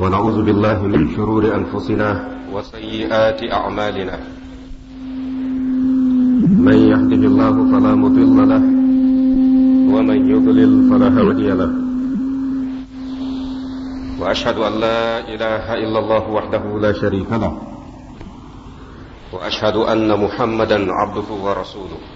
ونعوذ بالله من شرور أنفسنا وسيئات أعمالنا من يهده الله فلا مضل له ومن يضلل فلا هادي له وأشهد أن لا إله إلا الله وحده لا شريك له وأشهد أن محمدا عبده ورسوله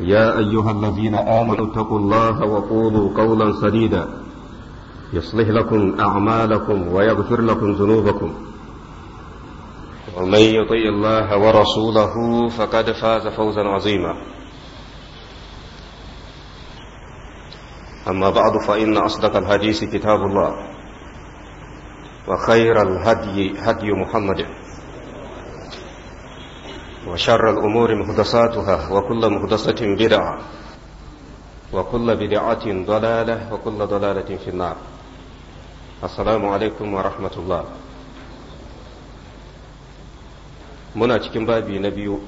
يا أيها الذين آمنوا اتقوا الله وقولوا قولا سديدا يصلح لكم أعمالكم ويغفر لكم ذنوبكم ومن يطيع الله ورسوله فقد فاز فوزا عظيما أما بعد فإن أصدق الحديث كتاب الله وخير الهدي هدي محمد وشر الأمور مهدساتها وكل مهدسة بدعة وكل بدعة ضلالة وكل ضلالة في النار السلام عليكم ورحمة الله منا تكن بابي نبي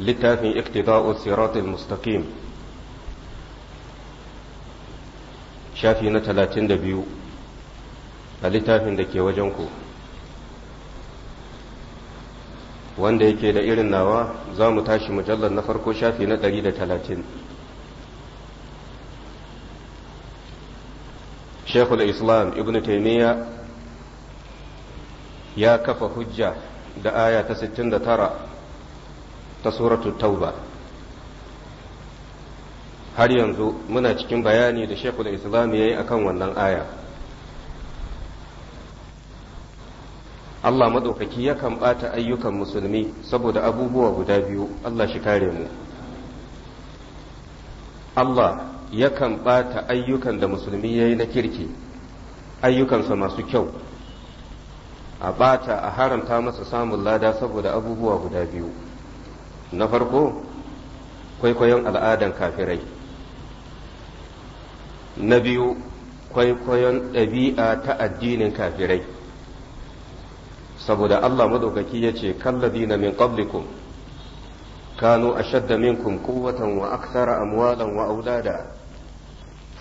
لتافي اقتضاء الصراط المستقيم شافينا تلاتين دبيو لتافي دكي وجنكو wanda yake da irin nawa za mu tashi mujallar na farko shafi na 130 shekul islam ibn taimiyya ya kafa hujja da aya ta 69 ta suratul tauba har yanzu muna cikin bayani da shekul islam ya yi akan wannan aya Allah maɗaukaki yakan ɓata ayyukan musulmi saboda abubuwa guda biyu Allah shi kare mu Allah yakan ɓata ayyukan da musulmi ya yi na kirki ayyukansa masu kyau a ɓata a haramta masa samun lada saboda abubuwa guda biyu na farko kwaikwayon al'adan kafirai na biyu kwaikwayon ɗabi'a ta addinin kafirai saboda Allah madaukaki ya ce kalladina min qablikum kanu ashadda minkum quwwatan wa akthara amwalan wa awlada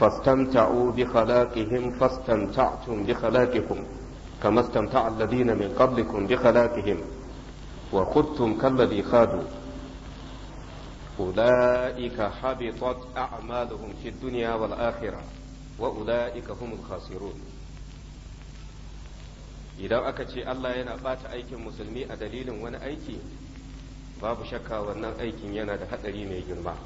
fastamta'u bi khalaqihim fastamta'tum bi khalaqikum kama istamta'a alladina min qablikum bi khalaqihim wa khudtum kalladhi khadu أولئك حبطت أعمالهم في الدنيا والآخرة وأولئك هم الخاسرون idan aka ce Allah yana bata aikin musulmi a dalilin wani aiki babu shakka wannan aikin yana da haɗari mai girma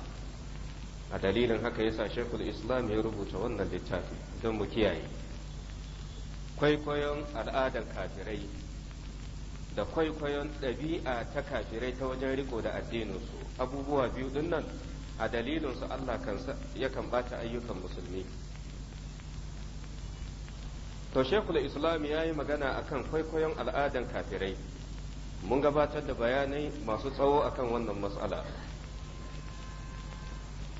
a dalilin haka yasa shekul islam ya rubuta wannan littafi don mu kiyaye kwaikwayon al'adar kafirai da kwaikwayon ɗabi'a ta kafirai ta wajen riko da addininsu abubuwa biyu dinnan a dalilinsu Allah yakan bata ayyukan musulmi to shekul islam ya yi magana akan kwaikwayon al'adan kafirai mun gabatar da bayanai masu tsawo akan wannan matsala sai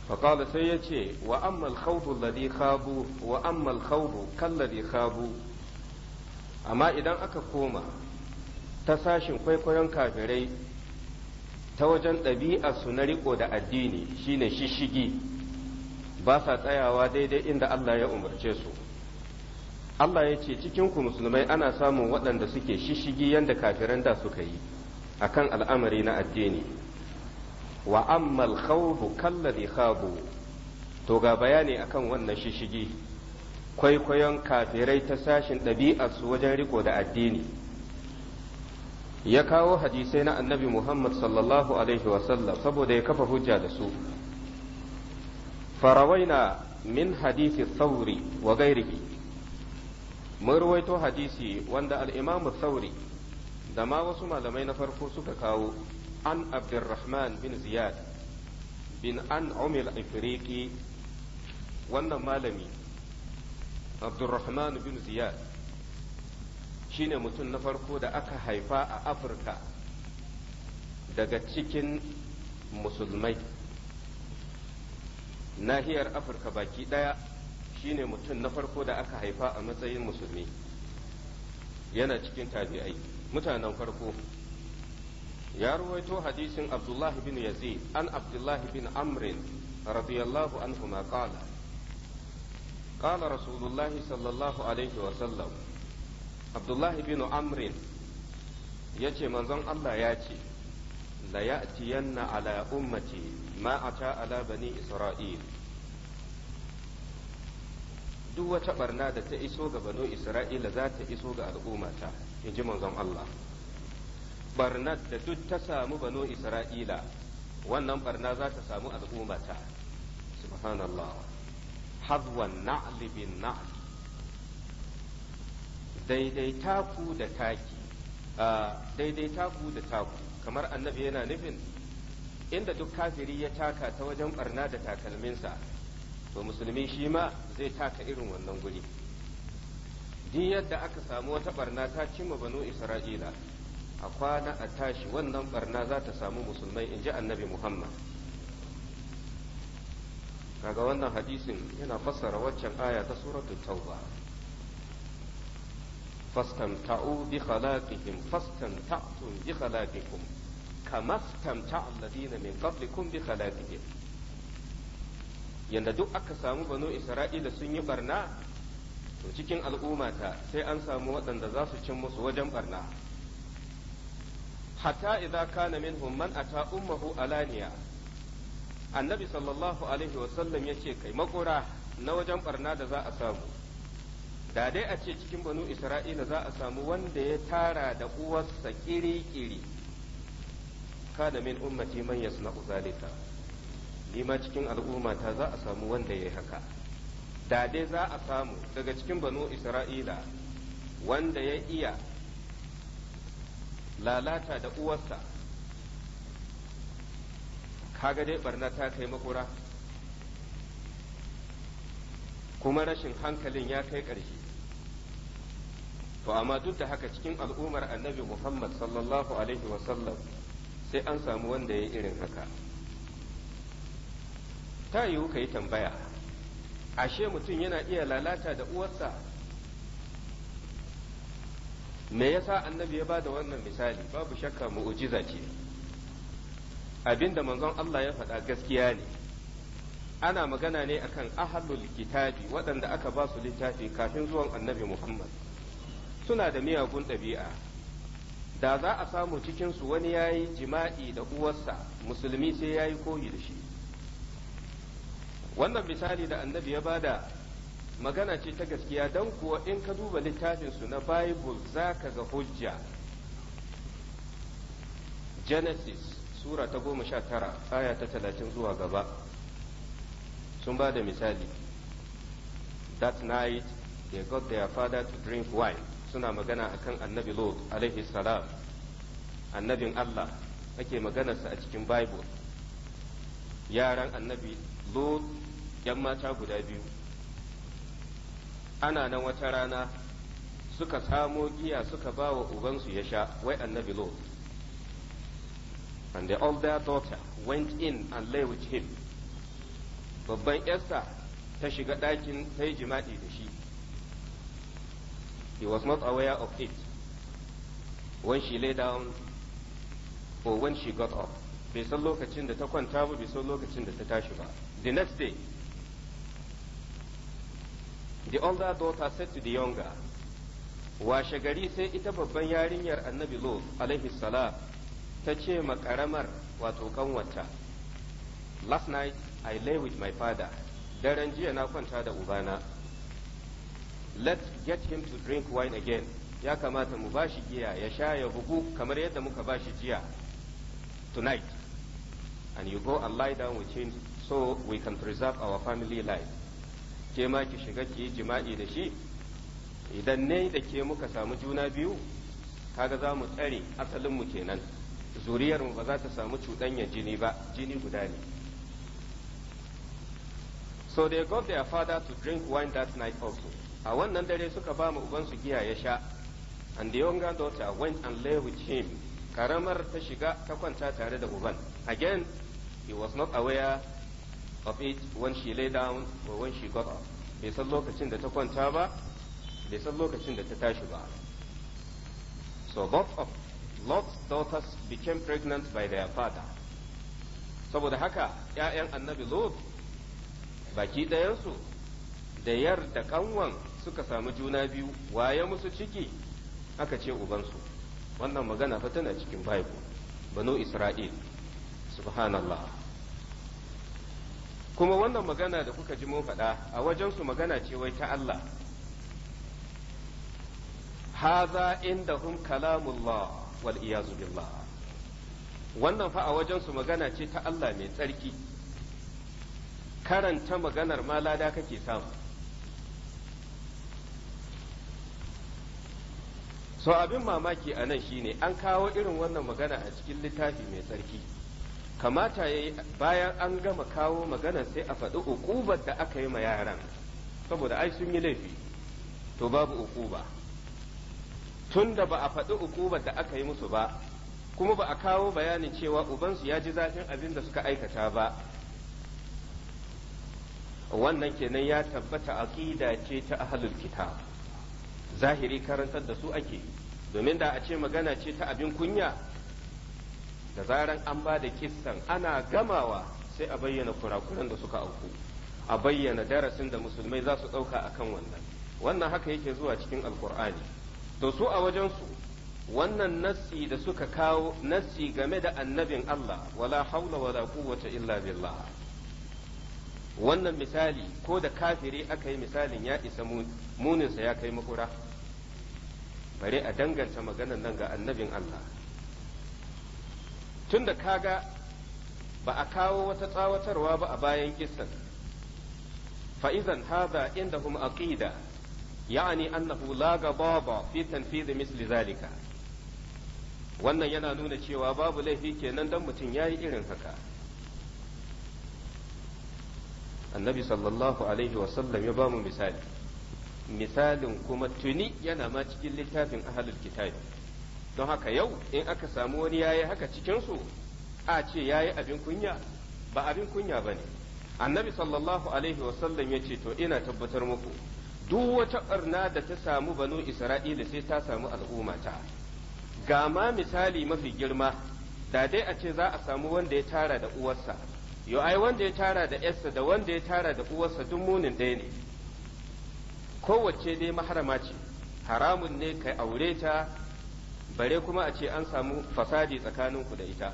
فقال سيأتي Ladi الخوض الذي خابوا kan Ladi كالذي amma idan aka koma ta sashin kwaikwayon kafirai ta wajen ɗabi'a su na riko da addini shine shishigi ba sa tsayawa daidai inda Allah ya umarce su Allah ya ce cikinku musulmai ana samun waɗanda suke shishigi yadda kafiran da suka yi akan al'amari na addini wa ammal khawfu kalladhi khabu to ga bayani akan wannan shishigi kwaikwayon kafirai ta sashin ɗabi'arsu wajen riko da addini ya kawo hadisai na annabi Muhammad sallallahu alaihi wasallam saboda ya kafa hujja da su farawaina min hadisi sauri wa gairihi mun ruwaito hadisi wanda al'imamu sauri da ma wasu malamai na farko suka kawo an abdurrahman bin ziyad bin an umil afriqi wannan malami abdurrahman bin ziyad shine mutum na farko da aka haifa a afirka daga cikin musulmai nahiyar afirka baki daya shine mutum na farko da aka haifa a matsayin musulmi yana cikin tabi'ai mutanen farko ya ruwaito hadisin abdullah bin yazid an abdullah bin amrin radiyallahu anhu ma qala qala rasulullah sallallahu alaihi wa sallam abdullah bin amrin yace manzon Allah ya ce la ya'tiyanna ala ummati ma ata ala bani isra'il duk wata barna da ta iso ga bano isra'ila za ta iso ga al'ummata in ji manzon Allah barnar da duk ta samu bano isra'ila wannan barna za ta samu al'ummata subhanallah hadwan na'li bin na'li daidai taku da taki daidai taku da taku kamar annabi yana nufin inda duk kafiri ya taka ta wajen barna da takalminsa to musulmi shi ma zai taka irin wannan guri duk yadda aka samu wata barna ta cimma banu isra'ila a kwana a tashi wannan barna za ta samu musulmai in ji annabi muhammad kaga wannan hadisin yana fassara waccan aya ta suratu tauba fastamta'u bi khalaqihim fastamta'tum bi khalaqikum kama stamta'a alladhina min qablikum bi khalaqihim yanda duk aka samu banu isra'ila sun yi barna to cikin al'ummata sai an samu waɗanda za su cin musu wajen barna hatta idza kana minhum man ata ummuhu alaniya annabi sallallahu alaihi sallam yace kai makura na wajen barna da za a samu da dai a ce cikin banu isra'ila za a samu wanda ya tara da uwarsa kiri-kiri kana min ummati man yasna'u zalika ni ma cikin al'ummata za a samu wanda ya yi haka da dai za a samu daga cikin banu isra'ila wanda ya iya lalata da uwarsa kaga dai barna ta kai makura kuma rashin hankalin ya kai ƙarshe to amma duk da haka cikin al'ummar annabi muhammad sallallahu alaihi wasallam sai an samu wanda ya irin haka ta yiwu ka yi tambaya ashe mutum yana iya lalata da uwarsa me yasa annabi ya ba da wannan misali babu shakka mu'ujiza ce abinda manzon Allah ya faɗa gaskiya ne ana magana ne akan ahalul kitabi waɗanda aka ba su littafi kafin zuwan annabi Muhammad suna da miyagun ɗabi'a da za a samu cikinsu wani yayi jima'i da uwarsa musulmi sai yayi yi koyi da shi wannan misali da annabi ya bada magana ce ta gaskiya don kuwa in ka duba littafinsu na bible za ka ga hujja genesis sura ta goma sha tara aya ta talatin zuwa gaba sun ba da misali that night they got their father to drink wine suna magana akan annabi lord alaihi salam annabin allah ake maganarsa a cikin bible yaran annabi lord 'yan mata guda biyu ana nan wata rana suka samo giya suka ba wa ubansu ya sha wai annabi lo and the older daughter went in and lay with him babban yarsa ta shiga ɗakin ta yi jima'i da shi he was not aware of it when she lay down or when she got up bai san lokacin da ta kwanta ba bai san lokacin da ta tashi ba the next day the older daughter said to the younger washe gari sai ita babban yarinyar annabi lot alaihi salam ta ce makaramar wato kanwata last night i lay with my father daren jiya na kwanta da ubana let get him to drink wine again ya kamata mu bashi giya ya sha ya bugu kamar yadda muka bashi jiya tonight and you go and lie down with him so we can preserve our family life ke ma ki shiga ki yi jima'i da shi idan ne da ke muka samu juna biyu kaga za mu tsare mu kenan zuriyar mu ba za ta samu cuɗanya jini ba jini guda ne So they got their father to drink wine that night also. A wannan dare suka ba mu ubansu giya ya sha. And the younger daughter went and lay with him. Karamar ta shiga ta kwanta tare da uban. Again, he was not aware of it when she lay down or when she got up bai san lokacin da ta kwanta ba bai san lokacin da ta tashi ba so both of Lot's daughters became pregnant by their father saboda haka ‘ya'yan annabi Lot baki ɗayansu da yar da ƙanwan suka samu juna biyu waye musu ciki aka ce ubansu wannan magana fa tana cikin Bible banu Isra'il subhanallah kuma wannan magana da kuka ji mun faɗa a wajensu magana ce wai ta Allah haza indahum kalamullah wal iyazu billah wannan fa a wajensu magana ce ta Allah mai tsarki karanta maganar malada kake samu so abin mamaki a nan shine an kawo irin wannan magana a cikin littafi mai tsarki kamata ya yi bayan an gama kawo magana sai a faɗi uƙubar da aka yi ma yaran saboda ai sun yi laifi to babu uƙuba tun da ba a faɗi uƙubar da aka yi musu ba kuma ba a kawo bayanin cewa ubansu ya ji zafin abin da suka aikata ba wannan kenan ya tabbata aƙida ce ta ahalul kitab zahiri karantar da su ake domin da a ce magana ce ta abin kunya da zaran an ba da kissan ana gamawa sai a bayyana kurakuran da suka auku a bayyana darasin da musulmai za su ɗauka a kan wannan wannan haka yake zuwa cikin alkur'ani to su a wajensu wannan nassi da suka kawo nassi game da annabin Allah wala haula wala quwwata illa billah wannan misali ko da kafiri aka yi misalin ya isa muninsa ya kai makura bare a danganta maganan nan ga annabin Allah Tun da kaga ba a kawo wata tsawatarwa ba a bayan kisan fa'izan haza indahum aqida ya'ani annahu la gababa fi tanfidhi misli zalika wannan yana nuna cewa babu laifi kenan dan mutum yayi irin haka annabi sallallahu alaihi wasallam ya bamu misali misalin kuma tuni yana ma cikin littafin ahlul kitabi don haka yau in aka samu wani yayi haka cikinsu a ce yayi abin kunya ba abin kunya ba ne annabi sallallahu alaihi wasallam ya ce to ina tabbatar muku duk wata ɓarna da ta samu banu isra'ila sai ta samu al'ummata ga ma misali mafi girma da dai a ce za a samu wanda ya tara da uwarsa yo ai wanda ya tara da yarsa da wanda ya tara da uwarsa duk munin ɗaya ne kowace dai maharama ce haramun ne ka aure ta bare kuma a ce an samu fasadi tsakaninku da ita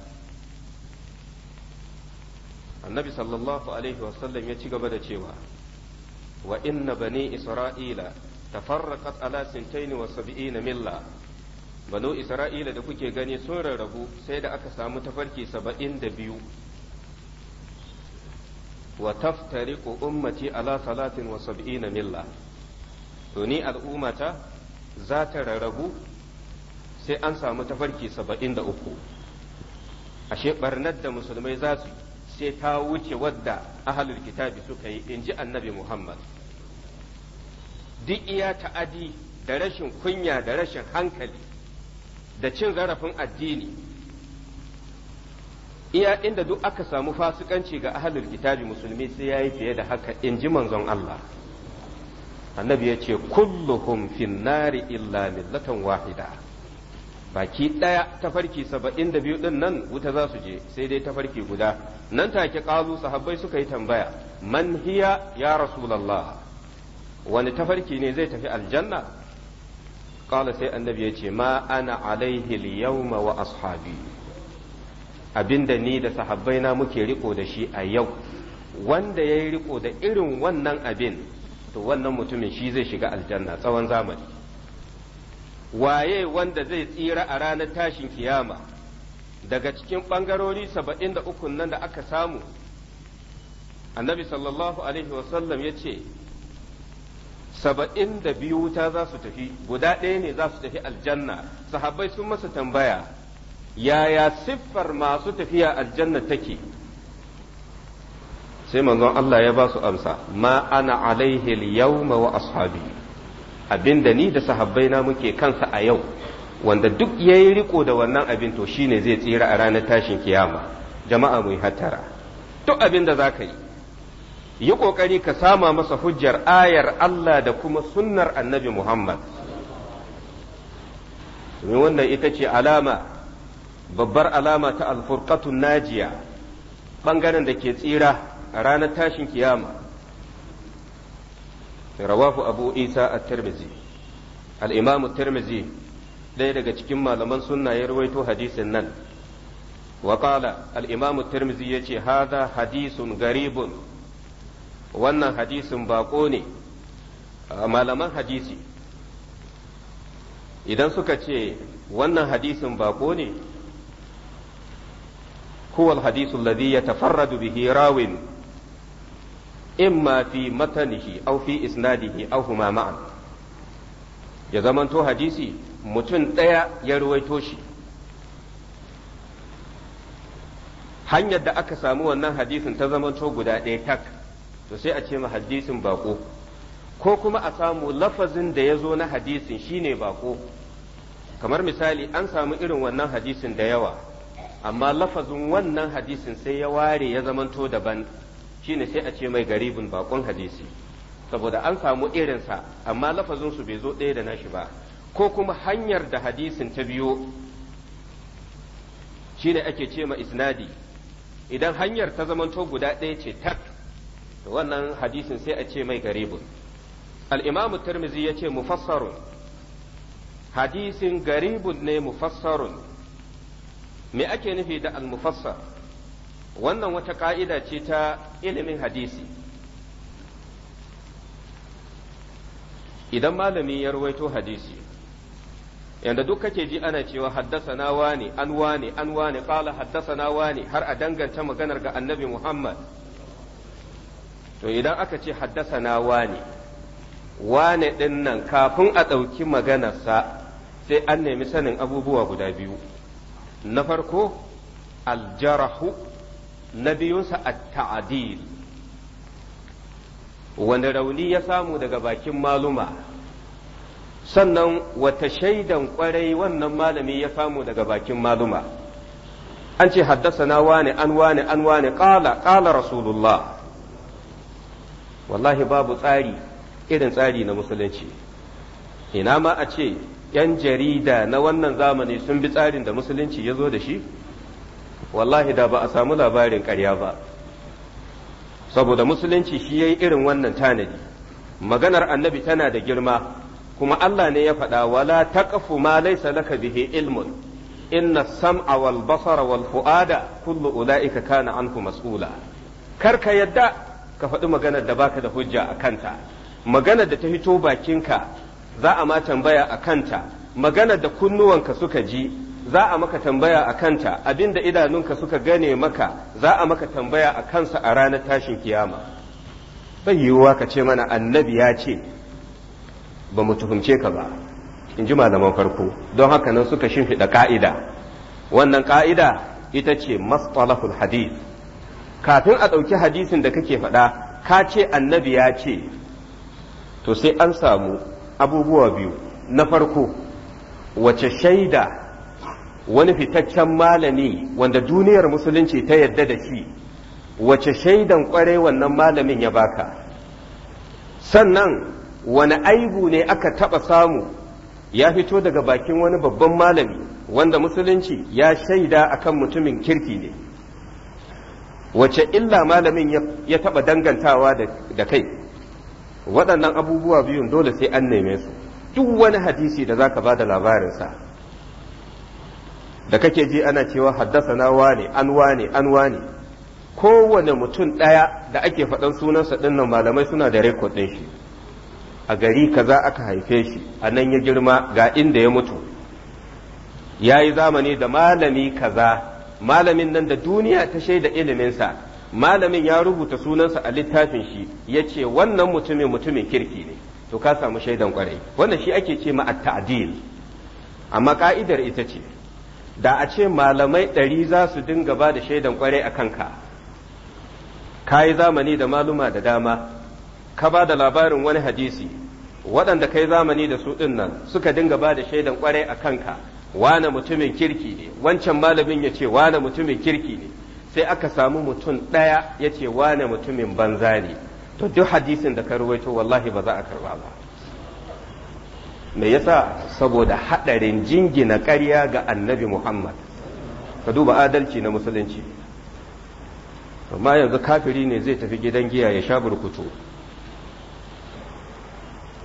annabi sallallahu alaihi wasallam ya ci gaba da cewa wa inna bani isra'ila tafarraqat ala sintaini wa sab'ina milla banu isra'ila da kuke gani sun rarrabu sai da aka samu tafarki saba'in da biyu wa taftariqu ummati ala salatin wa sab'ina milla to ni al'ummata za ta rarrabu sai an samu tafarki saba'in da uku ashe barnar da musulmai za su sai ta wuce wadda ahalul kitabi suka yi in ji annabi muhammad duk iya ta'adi da rashin kunya da rashin hankali da cin zarafin addini iya inda duk aka samu fasikanci ga ahalul kitabi musulmi sai ya yi fiye da haka in ji manzon Allah annabi ya ce kulluhum finnari nari illa millatan wahida baki ɗaya tafarki saba'in da biyu ɗin nan wuta za su je sai dai tafarki guda nan take ƙalu sahabbai suka yi tambaya man hiya ya rasulallah wani tafarki ne zai tafi aljanna ƙala sai annabi ya ce ma ana alaihi yawma wa ashabi abinda ni da sahabbai na muke riko da shi a yau wanda ya yi riko da irin wannan abin to wannan mutumin shi zai shiga aljanna tsawon zamani waye wanda zai tsira a ranar tashin kiyama daga cikin ɓangarori saba'in da ukun nan da aka samu annabi sallallahu alaihi wasallam ya ce saba'in da biyu wuta za su tafi guda ɗaya ne za su tafi aljanna sahabbai sun masa tambaya yaya siffar masu tafiya aljanna take sai manzon Allah ya ba su amsa ma ana alaihi yawma wa ashabi Abin da ni da sahabbai na muke kansa a yau wanda duk ya yi riko da wannan abin to shine zai tsira a ranar tashin kiyama jama'a mu yi hattara duk abin da za ka yi yi ƙoƙari ka sama masa hujjar ayar Allah da kuma sunnar annabi Muhammad domin wannan ita ce alama babbar alama ta alfurkatun najiya ɓangaren da ke tsira a ranar tashin kiyama rawahu abu isa a tirmidhi al-imam daya daga cikin malaman sunna ya rawaito hadisin nan wa al'imamu al ya ce tirmidhi yace hadha hadisun garibun wannan hadisin bako ne malaman hadisi idan suka ce wannan hadisin bako ne huwa al-hadisu alladhi yatafarradu bihi rawin imma fi matanihi aw fi isnadihi aw huma ma'an ya zamanto hadisi mutum ɗaya ya ruwaito shi hanyar da aka samu wannan hadisin ta zamanto guda ɗaya tak to sai a ce ma hadisin bako ko kuma a samu lafazin da ya zo na hadisin shine bako kamar misali an samu irin wannan hadisin da yawa amma lafazin wannan hadisin sai ya ware ya zamanto daban shine sai a ce mai garibin bakon hadisi saboda an samu irinsa amma lafazin bai zo ɗaya da nashi ba ko kuma hanyar da hadisin ta biyo shine ake ce ma isnadi idan hanyar ta zamanto guda ɗaya ce tak da wannan hadisin sai a ce mai garibin al’imamu tarmizi ya ce mufassarun hadisin garibun ne mufassarun me ake nufi da al-mufassar wannan wata ƙa'ida ce ta ilimin hadisi idan malami ya rawaito hadisi yanda duk kake ji ana cewa na wane an wane an wane haddasa na wane har a danganta maganar ga annabi Muhammad to idan aka ce haddasa wane wane din nan kafin a ɗauki maganarsa sai an nemi sanin abubuwa guda biyu na farko aljarahu na biyunsa a ta'adil wani rauni ya samu daga bakin maluma sannan wata shaidan kwarai wannan malami ya samu daga bakin maluma an ce na wane an wane an wane ƙala rasulullah wallahi babu tsari irin tsari na musulunci ina ma a ce 'yan jarida na wannan zamani sun bi tsarin da musulunci ya zo da shi wallahi da ba a samu labarin ƙarya ba saboda musulunci shi ya yi irin wannan tanadi maganar annabi tana da girma kuma Allah ne ya faɗa wala taqfu ma laysa laka bihi ilmun inna sam'a wal basara wal fu'ada kullu ula'ika kana anhu mas'ula kar ka yadda ka faɗi maganar da baka da hujja a kanta maganar da ta hito bakinka za a ma tambaya a kanta maganar da kunnuwanka suka ji za a maka tambaya a kanta abinda idanunka suka gane maka za a maka tambaya a kansa a ranar tashin kiyama bai yiwuwa ka ce mana annabi ya ce ba mu tuhumce ka ba in ji malaman farko don haka nan suka shimfiɗa ka'ida wannan ka'ida ita ce mastalahul hadith kafin a ɗauki hadisin da kake faɗa ka ce annabi ya ce to sai an samu abubuwa biyu na farko wace shaida wani fitaccen malami wanda duniyar musulunci ta yadda da shi wace shaidan kwarai wannan malamin ya baka sannan wani aibu ne aka taɓa samu ya fito daga bakin wani babban malami wanda musulunci ya shaida akan mutumin kirki ne wace illa malamin ya taɓa dangantawa da kai waɗannan abubuwa biyun dole sai an neme su duk wani hadisi da za ka ba da labarinsa da kake ji ana cewa haddasa haddasana wane an wane an wane kowane mutum ɗaya da ake faɗan sunansa ɗin malamai suna da rekod ɗin shi a gari kaza aka haife shi a nan ya girma ga inda ya mutu ya yi zamani da malami kaza malamin nan da duniya ta shaida iliminsa malamin ya rubuta sunansa a littafin shi ya ce wannan mutumin mutumin kirki ne to ka samu shaidan kwarai wannan shi ake ce ma at-ta'dil amma ka'idar ita ce da a ce malamai ɗari za su dinga ba da shaidan kwarai a kanka ka yi zamani da maluma da dama ka ba da labarin wani hadisi waɗanda yi zamani da su ɗin nan suka dinga ba da shaidan kwarai a kanka wane mutumin kirki ne wancan malamin ya ce wane mutumin kirki ne sai aka samu mutum ɗaya ya ce wane mutumin banza ne to duk hadisin da ka ruwaito wallahi ba za a karba ba me yasa saboda haɗarin jingina ƙarya ga annabi muhammad ka duba adalci na musulunci amma yanzu kafiri ne zai tafi gidan giya ya sha burkutu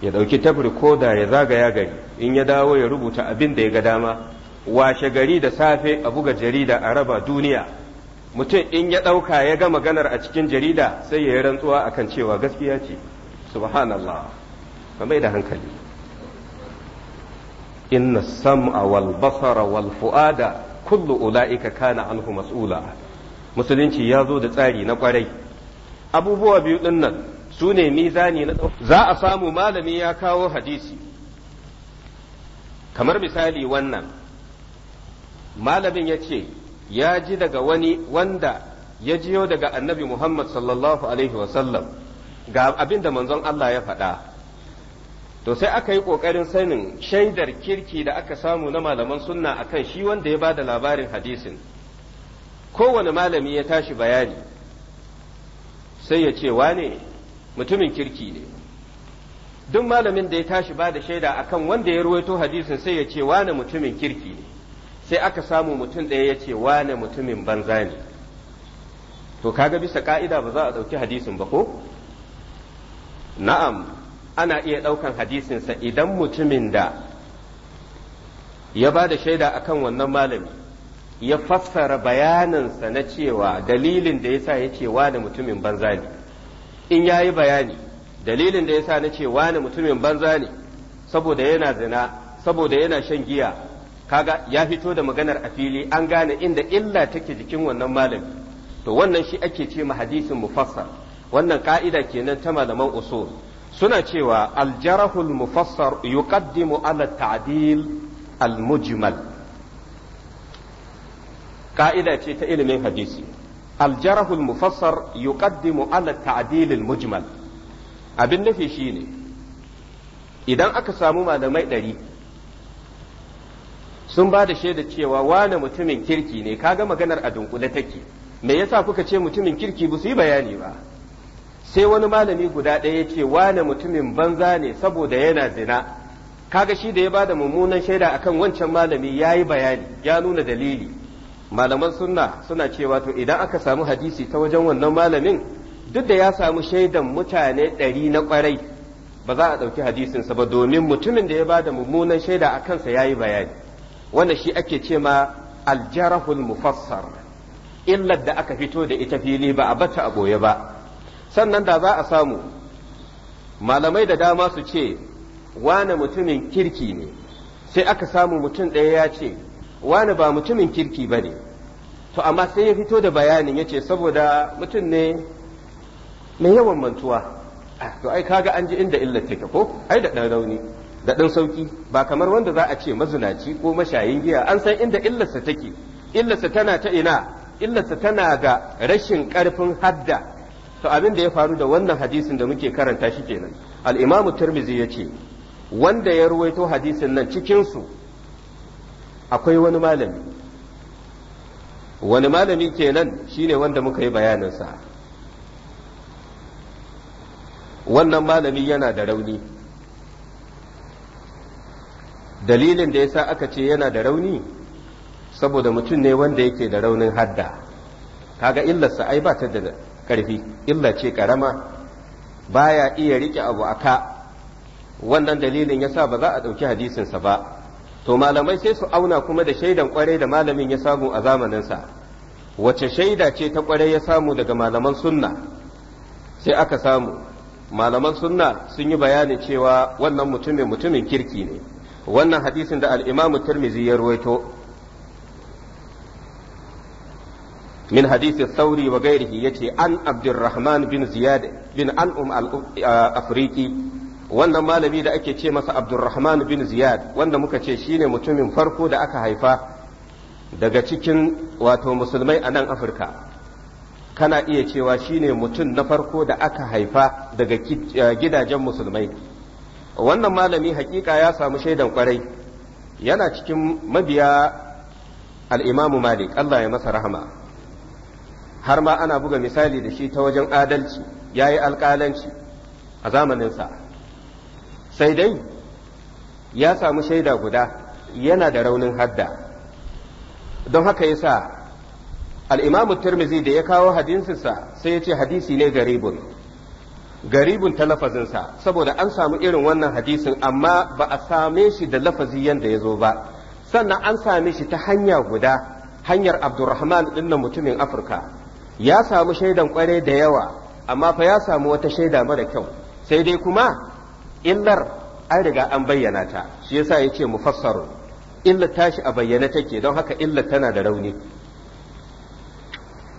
ya ɗauki tabri da ya zagaya gari in ya dawo ya rubuta abin da ya ga dama washe gari da safe a buga jarida a raba duniya mutum in ya ɗauka ya ga maganar a cikin jarida sai ya yi rantsuwa akan cewa gaskiya ce subhanallah kamar da hankali inna sam'a wal basara wal fu'ada kullu ula'ika kana anhu mas'ula musulunci ya zo da tsari na kwarai abubuwa biyu din nan su ne mizani na za a samu malami ya kawo hadisi kamar misali wannan malamin ya ce ya ji daga wani wanda ya jiyo daga annabi muhammad sallallahu alaihi wasallam ga abinda manzon Allah ya faɗa to sai aka yi ƙoƙarin sanin shaidar kirki da aka samu na malaman sunna akan shi wanda ya ba da labarin hadisin kowane malami ya tashi bayani sai ya ce wane mutumin kirki ne duk malamin da ya tashi bada da shaida akan wanda ya ruwaito hadisin sai ya ce wane mutumin kirki ne sai aka samu mutum ɗaya ya ce wane mutumin banza ne to kaga bisa ka'ida ba za a ɗauki hadisin ba ko na'am ana iya ɗaukan hadisinsa idan mutumin da ya ba da shaida a kan wannan malami ya fassara bayanansa na cewa dalilin da yasa ya ce wani mutumin banza ne in ya yi bayani dalilin da yasa na ce wani mutumin banza ne saboda yana zina saboda yana shan giya kaga ya fito da maganar a fili an gane inda illa take jikin wannan malami to wannan shi ake ce ma hadisin mufassar wannan ka'ida kenan ta malaman usul suna cewa aljarahul mufassar yuqaddimu ala ta'dil al-mujmal ka'ida ce ta ilimin hadisi aljarahul mufassar yuqaddimu ala ta'dil al-mujmal abin nufi shine idan aka samu malamai ɗari sun ba da shaida cewa wane mutumin kirki ne kaga maganar a dunkule take me yasa kuka ce mutumin kirki ba su yi bayani ba sai wani malami guda ɗaya ya ce wane mutumin banza ne saboda yana zina kaga shi da ya bada mummunan shaida akan wancan malami ya yi bayani ya nuna dalili malaman sunna suna cewa to idan aka samu hadisi ta wajen wannan malamin duk da ya samu shaidan mutane ɗari na ƙwarai ba za a ɗauki hadisinsa ba domin mutumin da ya bada mummunan shaida a kansa ya yi bayani wannan shi ake ce ma aljarahul mufassar illar da aka fito da ita fili ba a bata a ɓoye ba sannan da za a samu malamai da dama su ce wane mutumin kirki ne sai aka samu mutum ɗaya ya ce wane ba mutumin kirki ba ne to amma sai ya fito da bayanin ya ce saboda mutum ne mai yawan mantuwa ah, to ai kaga an ji inda illar take ko ai da ɗan rauni da ɗan sauki ba kamar wanda za a ce mazinaci ko mashayin giya an san inda illarsa take illarsa tana ta ina illarsa tana ga rashin ƙarfin hadda to abin da ya faru da wannan hadisin da muke karanta shi kenan al-imam tirmizi yace wanda ya ruwaito hadisin nan cikin su akwai wani malami wani malami kenan shine wanda muka yi bayanin sa wannan malami yana da rauni dalilin da yasa aka ce yana da rauni saboda mutum ne wanda yake da raunin hadda kaga illarsa ai ba ta da ƙarfi illa ce ƙarama baya iya riƙe abu a ka wannan dalilin ya sa ba za a ɗauki hadisinsa ba to malamai sai su auna kuma da shaidan ƙwarai da malamin ya samu a zamaninsa wace shaida ce ta ƙwarai ya samu daga malaman sunna sai aka samu malaman sunna sun yi bayanin cewa wannan mutumin mutumin kirki ne wannan hadisin da al'imamu turmizi ya ruwaito min hadisi sauri wa gairihi ce an abdurrahman bin ziyad bin an'um al-afriqi uh, wannan malami da ake ce masa abdurrahman bin ziyad wanda muka ce shine mutumin farko da aka haifa daga cikin wato musulmai a nan afirka kana iya cewa shine mutum na farko da aka haifa daga uh, gidajen musulmai wannan malami hakika ya samu shaidan kwarai yana cikin mabiya al'imamu malik allah ya masa rahma. har ma ana buga misali da shi ta wajen adalci ya yi alƙalanci a zamaninsa sai dai ya samu shaida guda yana da raunin hadda don haka ya sa al'imamu turmizi da ya kawo hadisinsa sai ya ce hadisi ne garibun garibun ta lafazinsa saboda an samu irin wannan hadisin amma ba a same shi da lafazi yadda ya zo ba sannan an same shi ta hanya guda hanyar abdurrahman ɗin mutumin afirka ya samu shaidan kwarai da yawa amma fa ya samu wata shaida mara kyau sai dai kuma illar an riga an bayyana ta shi yasa ya ce mufassaru illar tashi a bayyane take don haka illar tana da rauni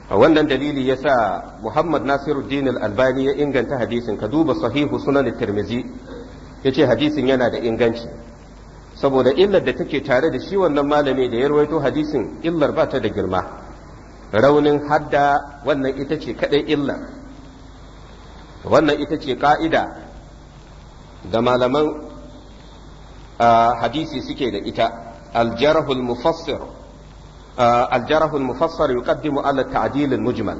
a wannan dalili yasa Muhammad Nasiruddin Al-Albani ya inganta hadisin ka duba sahihu sunan Tirmizi yace hadisin yana da inganci saboda illar da take tare da shi wannan malami da ya rawaito hadisin illar ba ta da girma raunin hadda wannan ita ce kaɗai illa wannan ita ce ƙa'ida da malaman hadisi suke da ita aljarahul mufassar aljarahul yuqaddimu ala tadilin mujmal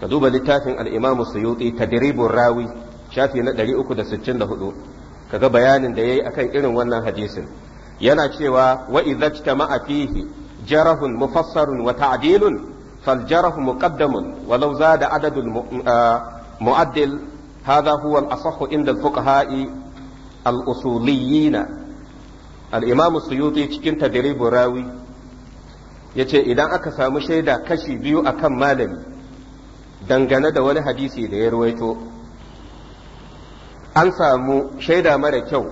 ka duba littafin al-imamu suyuti tadribur rawi shafi na 364 kaga bayanin da yayi akan irin wannan hadisin yana cewa wa idza jarahun mufassarun wa ta'dilun فالجرح مقدم ولو زاد عدد المعدل هذا هو الأصح عند الفقهاء الأصوليين الإمام السيوطي cikin تدريب راوي yace idan aka samu shaida kashi biyu a kan malami dangane da wani hadisi da ya ruwaito an samu shaida mara kyau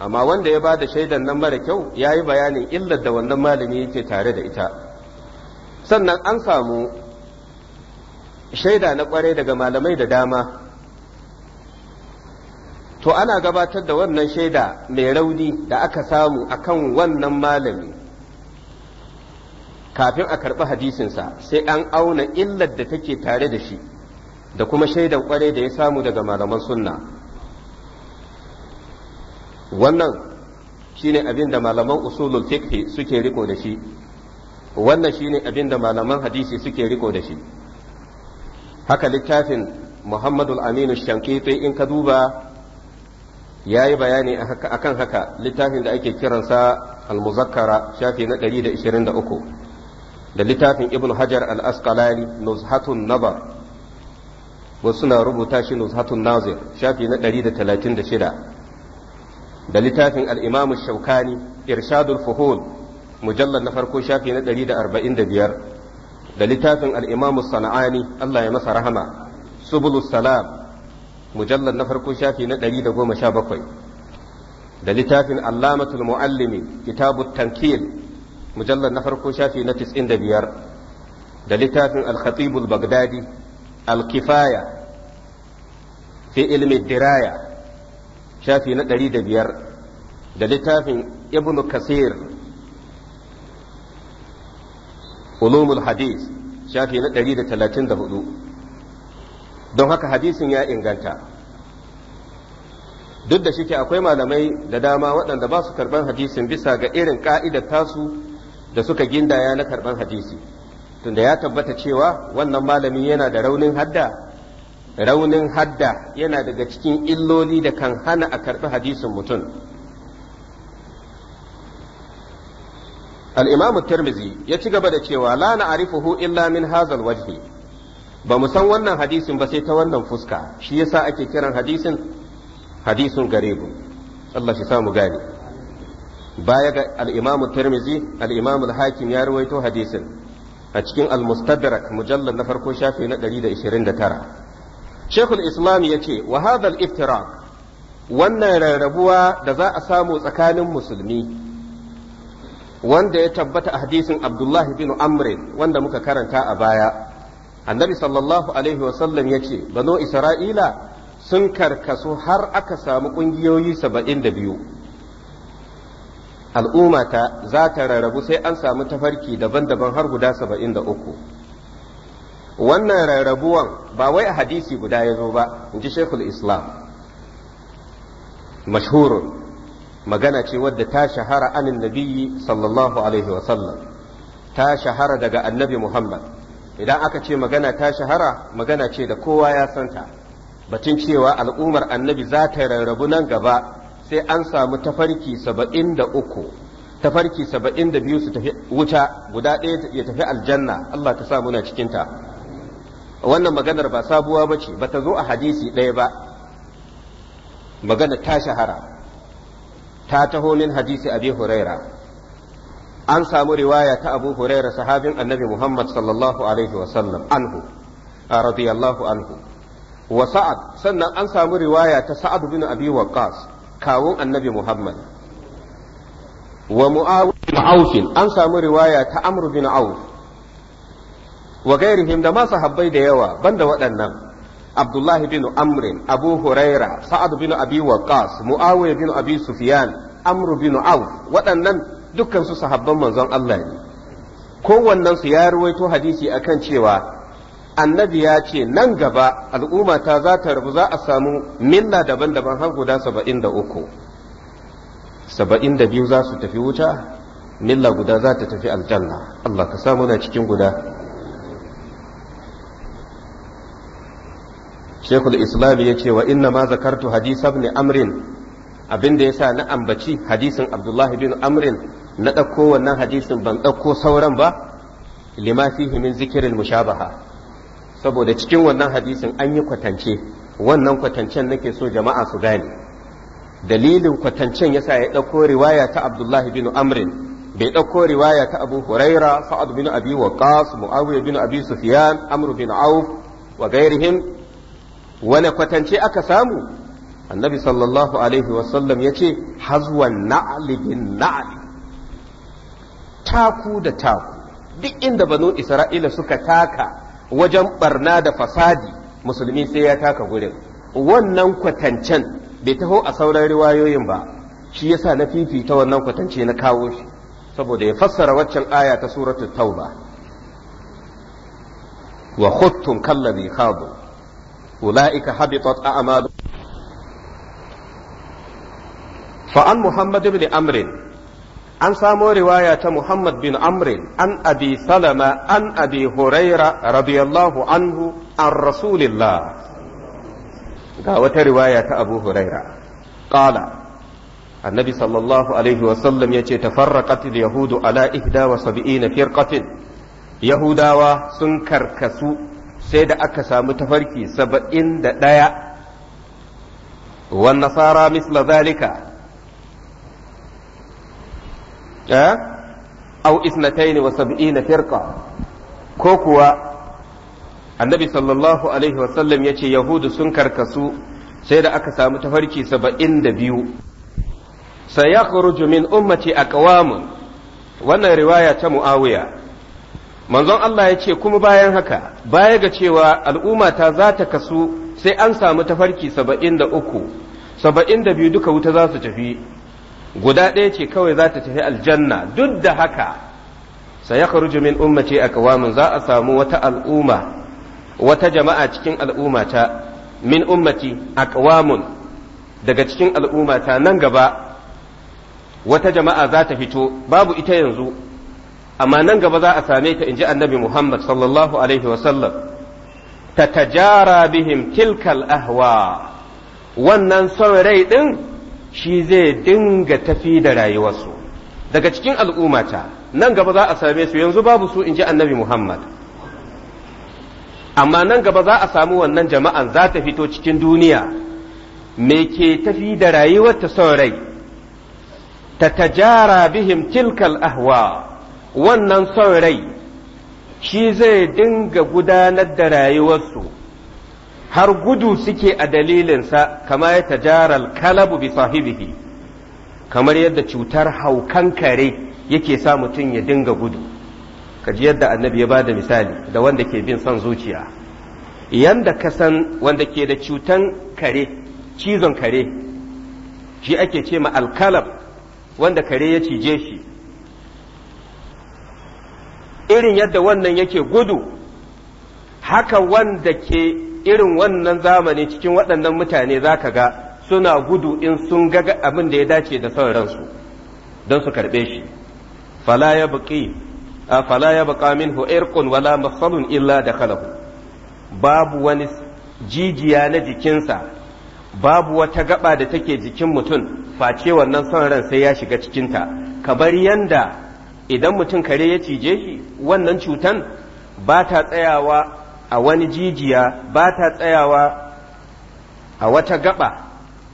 amma wanda ya ba da shaidan nan mara kyau ya yi bayanin illar da wannan malami yake tare da ita sannan an samu shaida na kwarai daga malamai da dama to ana gabatar da wannan shaida mai rauni da aka samu a kan wannan malami kafin a karɓi hadisinsa sai an auna illar da take tare da shi da kuma shaidan kwarai da ya samu daga malaman sunna wannan shine abin da malaman usulul fiqh suke riko da shi wannan shine abin da malaman hadisi suke riko da shi haka littafin Muhammadu aminu shankiti in ka duba ya yi bayani a kan haka littafin da ake kiransa al-muzakkara shafi na 123 da littafin ibn hajar al-asqalani nuzhatun nabar wasu na rubuta shi nuzhatun nazir shafi na 136 da littafin al imamu shaukani irshadul fuhul mujallar na farko shafi na 145 da littafin al sana'ani Allah ya masa rahama subulus salam mujallar na farko shafi na 117 da littafin allamatul muallimi kitabut tankil mujallar na farko shafi na 95 da littafin al-khatibul bagdadi al-kifaya fi ilmi diraya shafi na ɗari da biyar da littafin Ibn kasir ulumul hadis shafi na 134 don haka hadisin ya inganta duk da shike akwai malamai da dama waɗanda ba su karban hadisin bisa ga irin ka'idar tasu da suka gindaya na karban hadisi tunda ya tabbata cewa wannan malami yana da raunin hadda raunin hadda yana daga cikin illoli da kan hana a karɓi hadisin mutum al-imam tirmizi ya ci gaba da cewa la na'rifuhu illa min hazal waje. ba mu san wannan hadisin ba sai ta wannan fuska shi yasa ake kiran hadisin hadisun garibu Allah shi samu gane baya ga al-imam tirmizi al-imam al-hakim ya rawaito hadisin a cikin al-mustadrak mujallad na farko shafi na 129 شيخ الإسلام يتي وهذا الافتراق wannan rarrabuwa da za a samu tsakanin musulmi wanda ya tabbata a hadisin abdullahi bin amre wanda muka karanta a baya annabi sallallahu alaihi wasallam ya ce bano isra'ila sun karkasu har aka samu ƙungiyoyi saba'in da biyu al'ummata za ta rarrabu sai an samu tafarki daban-daban har guda saba'in da uku wannan rarrabuwan ba wai a hadisi guda ya zo ba in ji shekul islam mashhurun magana ce wadda ta shahara anin nabiyyi sallallahu alaihi wa sallam ta shahara daga annabi Muhammad idan aka ce magana ta shahara magana ce da kowa ya santa batun cewa al'ummar annabi za ta rarrabu nan gaba sai an samu tafarki saba'in da uku tafarki saba'in da biyu su tafi wuta guda ɗaya ya tafi aljanna Allah ta sa muna cikinta wannan maganar ba sabuwa ba ce ba ta zo a hadisi ɗaya ba magana ta shahara ta taho min hadisi abi huraira an samu riwaya ta abu huraira sahabin annabi muhammad sallallahu alaihi wasallam anhu radiyallahu anhu wa sa'ad sannan an samu riwaya ta sa'ad bin abi waqas kawun annabi muhammad wa mu'awin an samu riwaya ta amr bin auf wa gairihim da ma sahabbai da yawa banda waɗannan abdullahi bin amrin abu huraira sa'ad bin abi waqas muawiya bin abi sufyan amru bin auf waɗannan dukkan su sahabban manzon Allah ne kowannen su ya ruwaito hadisi akan cewa annabi ya ce nan gaba al'umma ta za ta rabu za a samu milla daban-daban har guda saba'in da uku saba'in da biyu za su tafi wuta milla guda za ta tafi aljanna Allah ka samu na cikin guda shekul islam ya ce wa inna ma zakartu hadisa ibn amrin abin da yasa na ambaci hadisin abdullahi bin amrin na ɗauko wannan hadisin ban ɗauko sauran ba lima fihi min zikirin mushabaha saboda cikin wannan hadisin an yi kwatance wannan kwatancen nake so jama'a su gane dalilin kwatancen yasa ya ɗauko riwaya ta abdullahi bin amrin bai ɗauko riwaya ta abu huraira sa'ad bin abi waqas muawiya bin abi sufyan Amru bin auf wa gairihim wane kwatance aka samu annabi sallallahu alaihi wasallam ya ce hazwan na'li bin na'li taku da taku duk inda banu isra'ila suka taka wajen barna da fasadi musulmi sai ya taka gurin wannan kwatancen bai taho a sauran riwayoyin ba shi yasa na fifita wannan kwatance na kawo shi saboda ya fassara waccan aya ta suratul tauba wa khuttum kallazi khadu أولئك حبطت أعمالهم فعن محمد بن أمر أن سامو رواية محمد بن أمر عن أبي سلمة عن أبي هريرة رضي الله عنه عن رسول الله قاوة رواية أبو هريرة قال النبي صلى الله عليه وسلم يتي تفرقت اليهود على إحدى وسبعين فرقة يهوداوا سنكر كسوء sai da aka samu tafarki saba'in da ɗaya wan nasara misla zalika au isnataini wa sab'ina firqa ko kuwa annabi sallallahu alaihi wasallam ya ce yahudu sun karkasu sai da aka samu tafarki saba'in da biyu sai ya min ummati a wannan riwaya ta mu'awiya manzon Allah ya ce kuma bayan haka baya ga cewa al'umma ta za ta kasu sai an samu tafarki saba'in da uku saba'in da biyu duka wuta za su tafi guda ɗaya ce kawai za ta tafi aljanna duk da haka sai ya min ummace a kawamin za a samu wata al'umma wata jama'a cikin al'umma ta min ummati a kawamun daga cikin al'umma ta nan gaba wata jama'a za ta fito babu ita yanzu amma nan gaba za a same ta inji annabi Muhammad sallallahu alaihi wasallam tatajara bihim tilkal ahwa wannan son rai din shi zai dinga tafi da rayuwarsu daga cikin al'ummata nan gaba za a same su yanzu babu su inji annabi Muhammad amma nan gaba za a samu wannan jama'an za ta fito cikin duniya me ke tafi da rayuwarta ta son rai tatajara bihim tilkal ahwa wannan son rai shi zai dinga gudanar da rayuwarsu har gudu suke a dalilinsa kama ya tajaral kalabu bi sahibihi kamar yadda cutar haukan kare yake sa mutum ya dinga gudu kaji yadda annabi ya ba da misali da wanda ke bin son zuciya yanda ka san wanda ke da cutan kare cizon kare shi ake ce ma alkalab wanda kare ya cije shi irin yadda wannan yake gudu haka wanda ke irin wannan zamani cikin waɗannan mutane za ka ga suna gudu in sun ga abin da ya dace da sauransu don su karɓe shi fala ya buƙi fala ya buƙa minhu wala masalun illa da kalahu babu wani jijiya na jikinsa babu wata gaba da take jikin mutum face wannan son ran sai ya shiga cikinta kamar yanda idan mutum kare ya cije shi wannan cutan ba ta tsayawa a wani jijiya ba ta tsayawa a wata gaba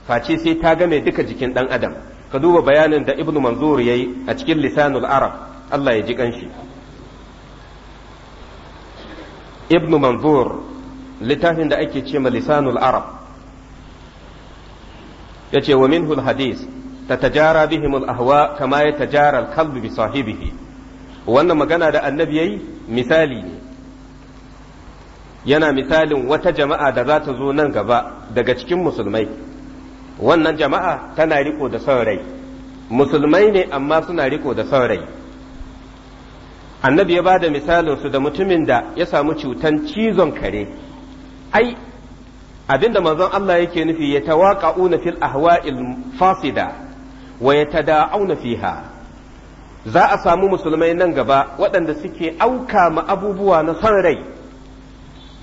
face sai ta game duka jikin ɗan adam ka duba bayanin da ibnu manzur ya yi a cikin lisanul arab allah ya ji kanshi ibnu manzur littafin da ake ce ma lisanul arab ya ce wa minhul hadis ta bihim al-ahwa kama yatajara al kalbi bi sahibihi wannan magana da annabi yayi misali ne yana misalin wata jama'a da zata zo nan gaba daga cikin musulmai wannan jama'a tana riko da son musulmai ne amma suna riko da son rai annabi ya bada misalin su da mutumin da ya samu cutan cizon kare ai abinda manzon Allah yake nufi ya ta tawaqa'una fil ahwa'il fasida wa ya yatada'auna fiha za a samu musulmai nan gaba waɗanda suke auka ma abubuwa na son rai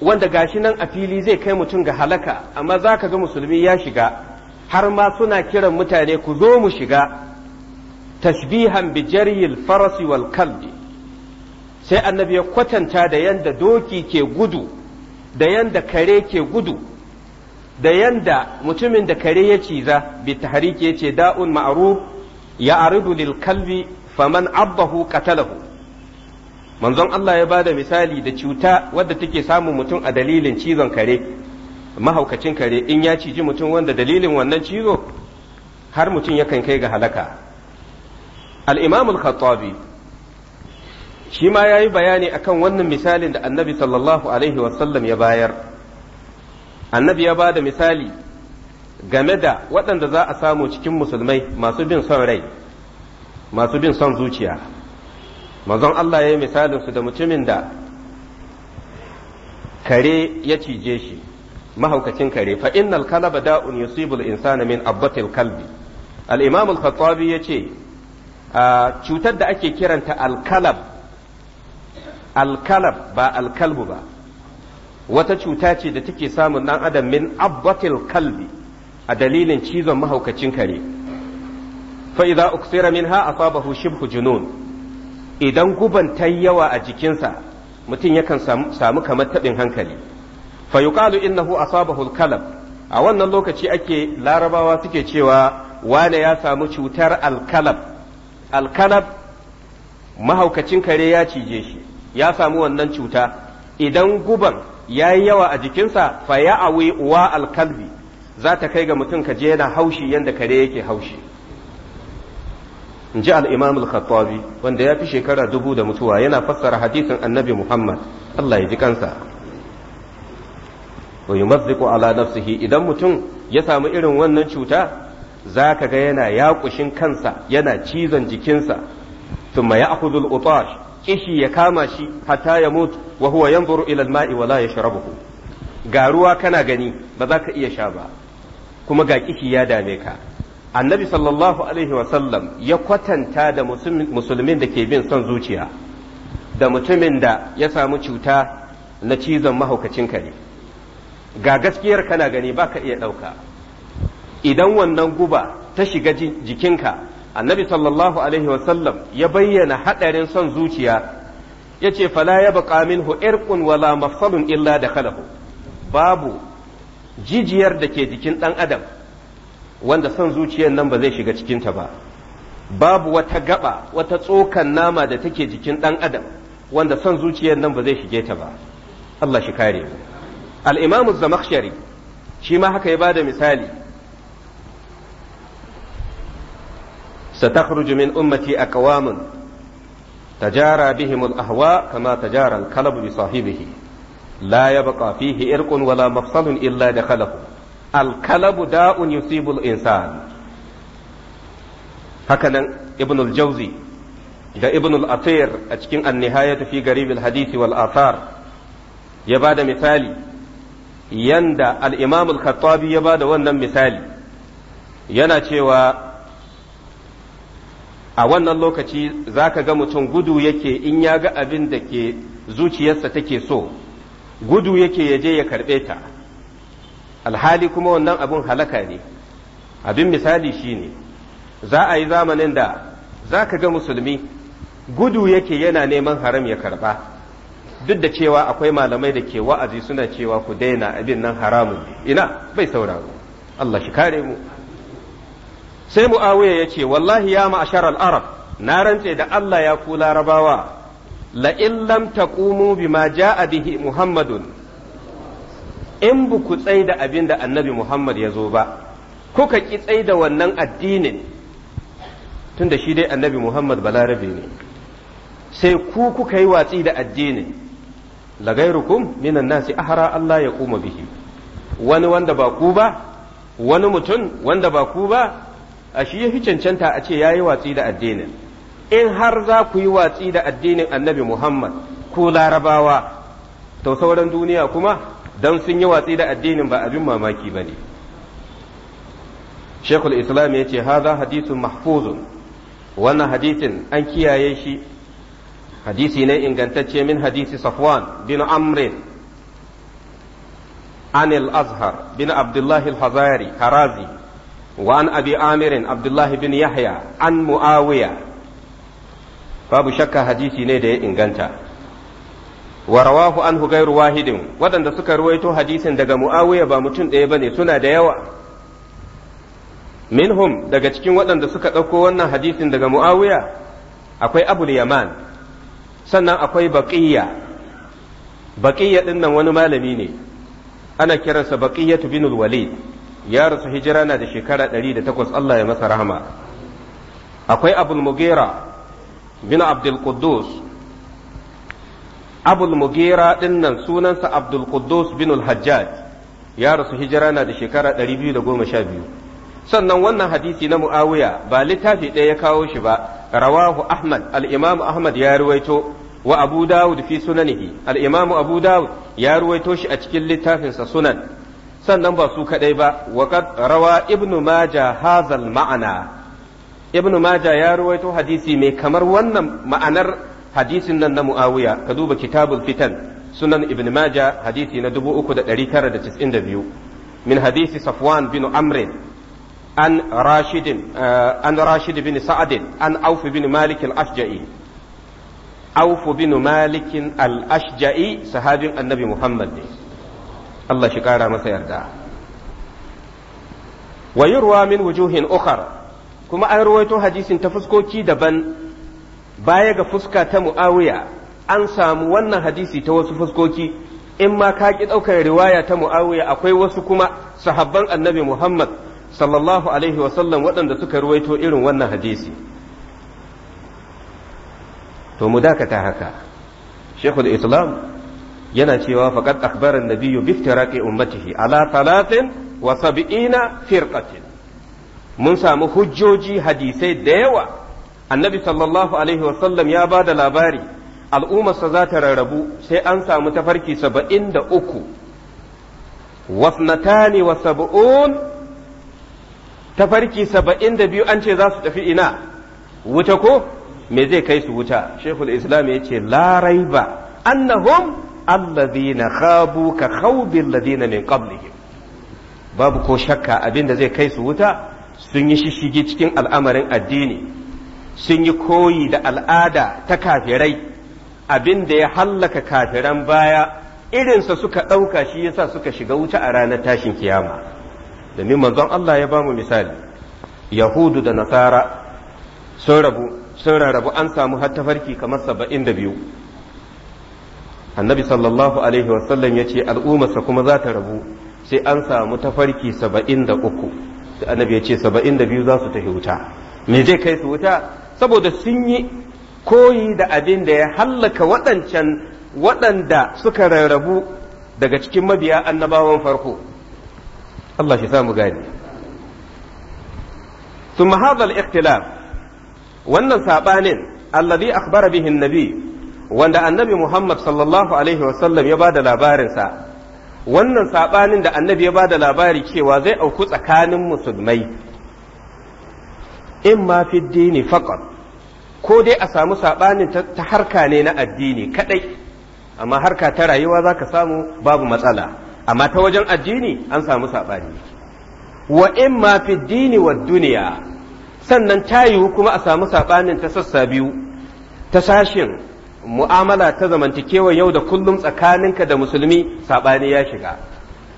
wanda gashi nan a fili zai kai mutum ga halaka amma za ka ga musulmi ya shiga har ma suna kiran mutane ku zo mu shiga tashbihan bi jaryil farasi wal kalbi sai annabi ya kwatanta da yanda doki ke gudu da yanda kare ke gudu da yanda mutumin da kare ya ciza bi tahriki yace da'un ma'ruf ya aridu lil kalbi faman abbahu qatalahu manzon Allah ya bada misali da cuta wadda take samun mutum a dalilin cizon kare mahaukacin kare in ya ciji mutum wanda dalilin wannan cizo har mutum yakan kai ga halaka al-imam al-khattabi shi ma yayi bayani akan wannan misalin da annabi sallallahu alaihi wasallam ya bayar annabi ya ba da misali game da waɗanda za a samu cikin musulmai masu bin son rai masu bin son zuciya mazan Allah ya yi misalinsu da mutumin da kare ya cije shi mahaukacin kare fa innal kalaba da'un yusibul insana min abbatil kalbi al-imam ya ce cutar da ake kiranta alkalab ba al ba wata cuta ce da take samun dan adam min abbatil kalbi a dalilin cizon mahaukacin kare Fa'iza idza uksira minha asabahu shibhu junun idan guban ta yawa a jikinsa mutum yakan samu kamar taɓin hankali fa yuqalu innahu asabahu al a wannan lokaci ake larabawa suke cewa wane ya samu cutar alkalab alkalab mahaukacin kare ya cije shi ya samu wannan cuta idan guban ya yi yawa a jikinsa fa ya awi uwa alkalbi za ta kai ga mutum ka je yana haushi yadda kare yake haushi in ji al'imam al-khattabi wanda ya fi shekara dubu da mutuwa yana fassara hadisin annabi muhammad allah ya ji kansa wa yumazziqu ala nafsihi idan mutum ya samu irin wannan cuta za ka ga yana yaƙushin kansa yana cizon jikinsa thumma ya'khudhu kishi ya kama shi hatta ya mutu wa huwa yanzuru ila al-ma'i wa la yashrabuhu ga ruwa kana gani ba za ka iya sha ba kuma ga kishi ya dame ka annabi sallallahu alaihi wa sallam ya kwatanta da musulmin da ke bin son zuciya da mutumin da ya samu cuta na cizon mahaukacin kare ga gaskiyar kana gani ba ka iya ɗauka idan wannan guba ta shiga jikinka annabi sallallahu alaihi wasallam ya bayyana haɗarin son zuciya ya ce fala ya baƙa minhu irqun wala mafsalun illa da kalahu babu jijiyar da ke jikin ɗan adam wanda son zuciyar nan ba zai shiga cikinta ba babu wata gaba wata tsokan nama da take jikin ɗan adam wanda son zuciyar nan ba zai shige ta ba Allah shi kare mu al-imam zamakhshari shi ma haka ya bada misali ستخرج من أمتي أقوام تجارى بهم الأهواء كما تجارى الكلب بصاحبه لا يبقى فيه إرق ولا مفصل إلا دخله الكلب داء يصيب الإنسان هكذا ابن الجوزي da ibn al-athir a cikin annihayatu fi garib al-hadisi wal athar ya bada misali yanda al-imam al-khattabi ya bada wannan misali yana cewa a wannan lokaci za ka ga mutum gudu yake in ya ga abin da ke zuciyarsa take so gudu yake ya je ya karɓe ta alhali kuma wannan abin halaka ne abin misali shi ne. za a yi zamanin da za ka ga musulmi gudu yake yana neman haram ya karɓa duk da cewa akwai malamai da ke wa'azi suna cewa ku daina abin nan haramun ina bai sauraro Allah shi kare mu sai muawiya ya ce wallahi ya ma'ashar al-arab na rantse da Allah ya ku larabawa la in lam taqumu bima ja'a bihi muhammadun in bu ku tsai da abin da annabi muhammad ya zo ba kuka ki tsai da wannan addinin tunda shi dai annabi muhammad balarabe ne sai ku kuka yi watsi da addinin lagairukum minan nasi ahara Allah ya kuma bihi wani wanda ba ku ba wani mutum wanda ba ku ba a shi yafi cancanta a ce ya yi watsi da addinin in har za ku yi watsi da addinin annabi Muhammad ko larabawa to sauran duniya kuma dan sun yi watsi da addinin ba abin mamaki ba ne shekul islam ya ce haza hadisun mahfuzun wannan hadisin an kiyaye shi hadisi ne ingantacce min hadisi safwan bin amrin an al-azhar bin abdullahi al-hazari harazi Wa'an أبي amirin Abdullahi bin Yahya يحيى عن babu shakka hadisi ne da ya inganta wa rawahu anhu wahidin waɗanda suka ruwaito hadisin daga muawiya ba mutum ɗaya ba ne suna da yawa minhum daga cikin waɗanda suka ɗauko wannan hadisin daga muawiya akwai abul yaman sannan akwai baqiyya baqiyya ɗin wani malami ne ana kiransa baƙiyyatu binul walid ya rasu hijira na da shekara 108 Allah ya masa rahama akwai abul mugera bin abdul quddus abul mugera din nan sunansa abdul quddus bin al-hajjaj ya rasu hijira na da shekara 212 sannan wannan hadisi na muawiya ba littafi ɗaya ya kawo shi ba rawahu ahmad al-imam ahmad ya ruwaito wa abu dawud fi sunanihi al-imam abu dawud ya ruwaito shi a cikin littafinsa sunan sannan ba su kadai ba waƙar rawa ibnu maja hazal ma'ana ibnu maja ya ruwaito hadisi mai kamar wannan ma'anar hadisin nan na muawiya ka duba kitabul fitan sunan ibn majah hadisi na 3992 min hadisi safwan bin amrin. an rashid eh, an rashid bin sa'adin an aufi bin malik al-ashja'i auf bin malik al-ashja'i sahabin annabi muhammad ne Allah shi ƙara masa yarda wa ruwa min wujuhin ukhar kuma an ruwaito hadisin ta fuskoki daban baya ga fuska ta muawiya an samu wannan hadisi ta wasu fuskoki in ma ka ƙi ɗaukar riwaya ta muawiya akwai wasu kuma sahabban annabi muhammad sallallahu alaihi wasallam waɗanda suka ruwaito irin wannan hadisi to mu dakata haka shekul islam yana cewa faqad akhbara an-nabiyyu bi iftiraqi ummatihi ala 73 firqatin mun samu hujjoji hadisai da yawa annabi sallallahu alaihi sallam ya ba da labari al'ummarsa za ta rarrabu sai an samu tafarki saba'in da uku wa saba'un tafarki saba'in da biyu an ce za su tafi ina wuta ko me zai kai su wuta shekul islam ya ce larai ba annahum alladhina khabu ka khawbil ladina min qablihim babu ko shakka abin da zai kai su wuta sun yi shishigi cikin al'amarin addini sun yi koyi da al'ada ta kafirai abin da ya hallaka kafiran baya irinsa suka ɗauka shi yasa suka shiga wuta a ranar tashin kiyama domin manzon Allah ya bamu misali yahudu da nasara sun rabu sun rarrabu an samu har tafarki kamar saba'in da biyu annabi sallallahu alaihi wasallam ya ce al'ummarsa kuma za ta rabu sai an samu tafarki saba'in da uku annabi ya ce saba'in da biyu za su tafi wuta me zai kai su wuta saboda sun yi koyi da abin da ya hallaka waɗancan waɗanda suka rarrabu daga cikin mabiya annabawan farko Allah shi samu gani ثم هذا الاختلاف wannan sabanin alladhi akhbara bihi wanda annabi Muhammad sallallahu alaihi wasallam ya ba da labarinsa wannan saɓanin da annabi ya ba da labari cewa zai auku tsakanin musulmai in ma fi dini faqat ko dai a samu saɓanin ta harka ne na addini kaɗai amma harka ta rayuwa za ka samu babu matsala amma ta wajen addini an samu saɓani wa in ma fi dini wa duniya sannan ta yiwu kuma a samu saɓanin ta sassa biyu ta sashin mu'amala ta zamantakewa yau da kullum tsakaninka da musulmi saɓani ya shiga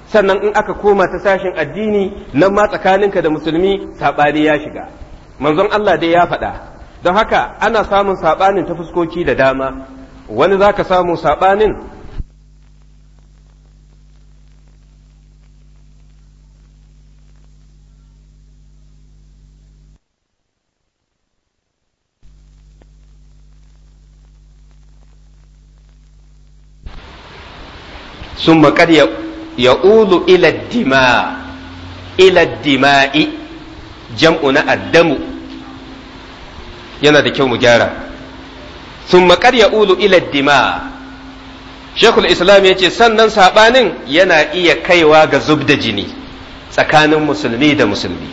sannan in aka koma ta sashin addini nan ma tsakaninka da musulmi saɓani ya shiga manzon Allah dai ya faɗa don haka ana samun saɓanin ta fuskoki da dama wani za ka samu saɓanin summa qad ya'ulu ila dima ila dima'i jam'u na addamu yana da kyau mu gyara summa qad ya'ulu ila dima Shekul ya ce sannan saɓanin yana iya kaiwa ga zubda jini tsakanin musulmi da musulmi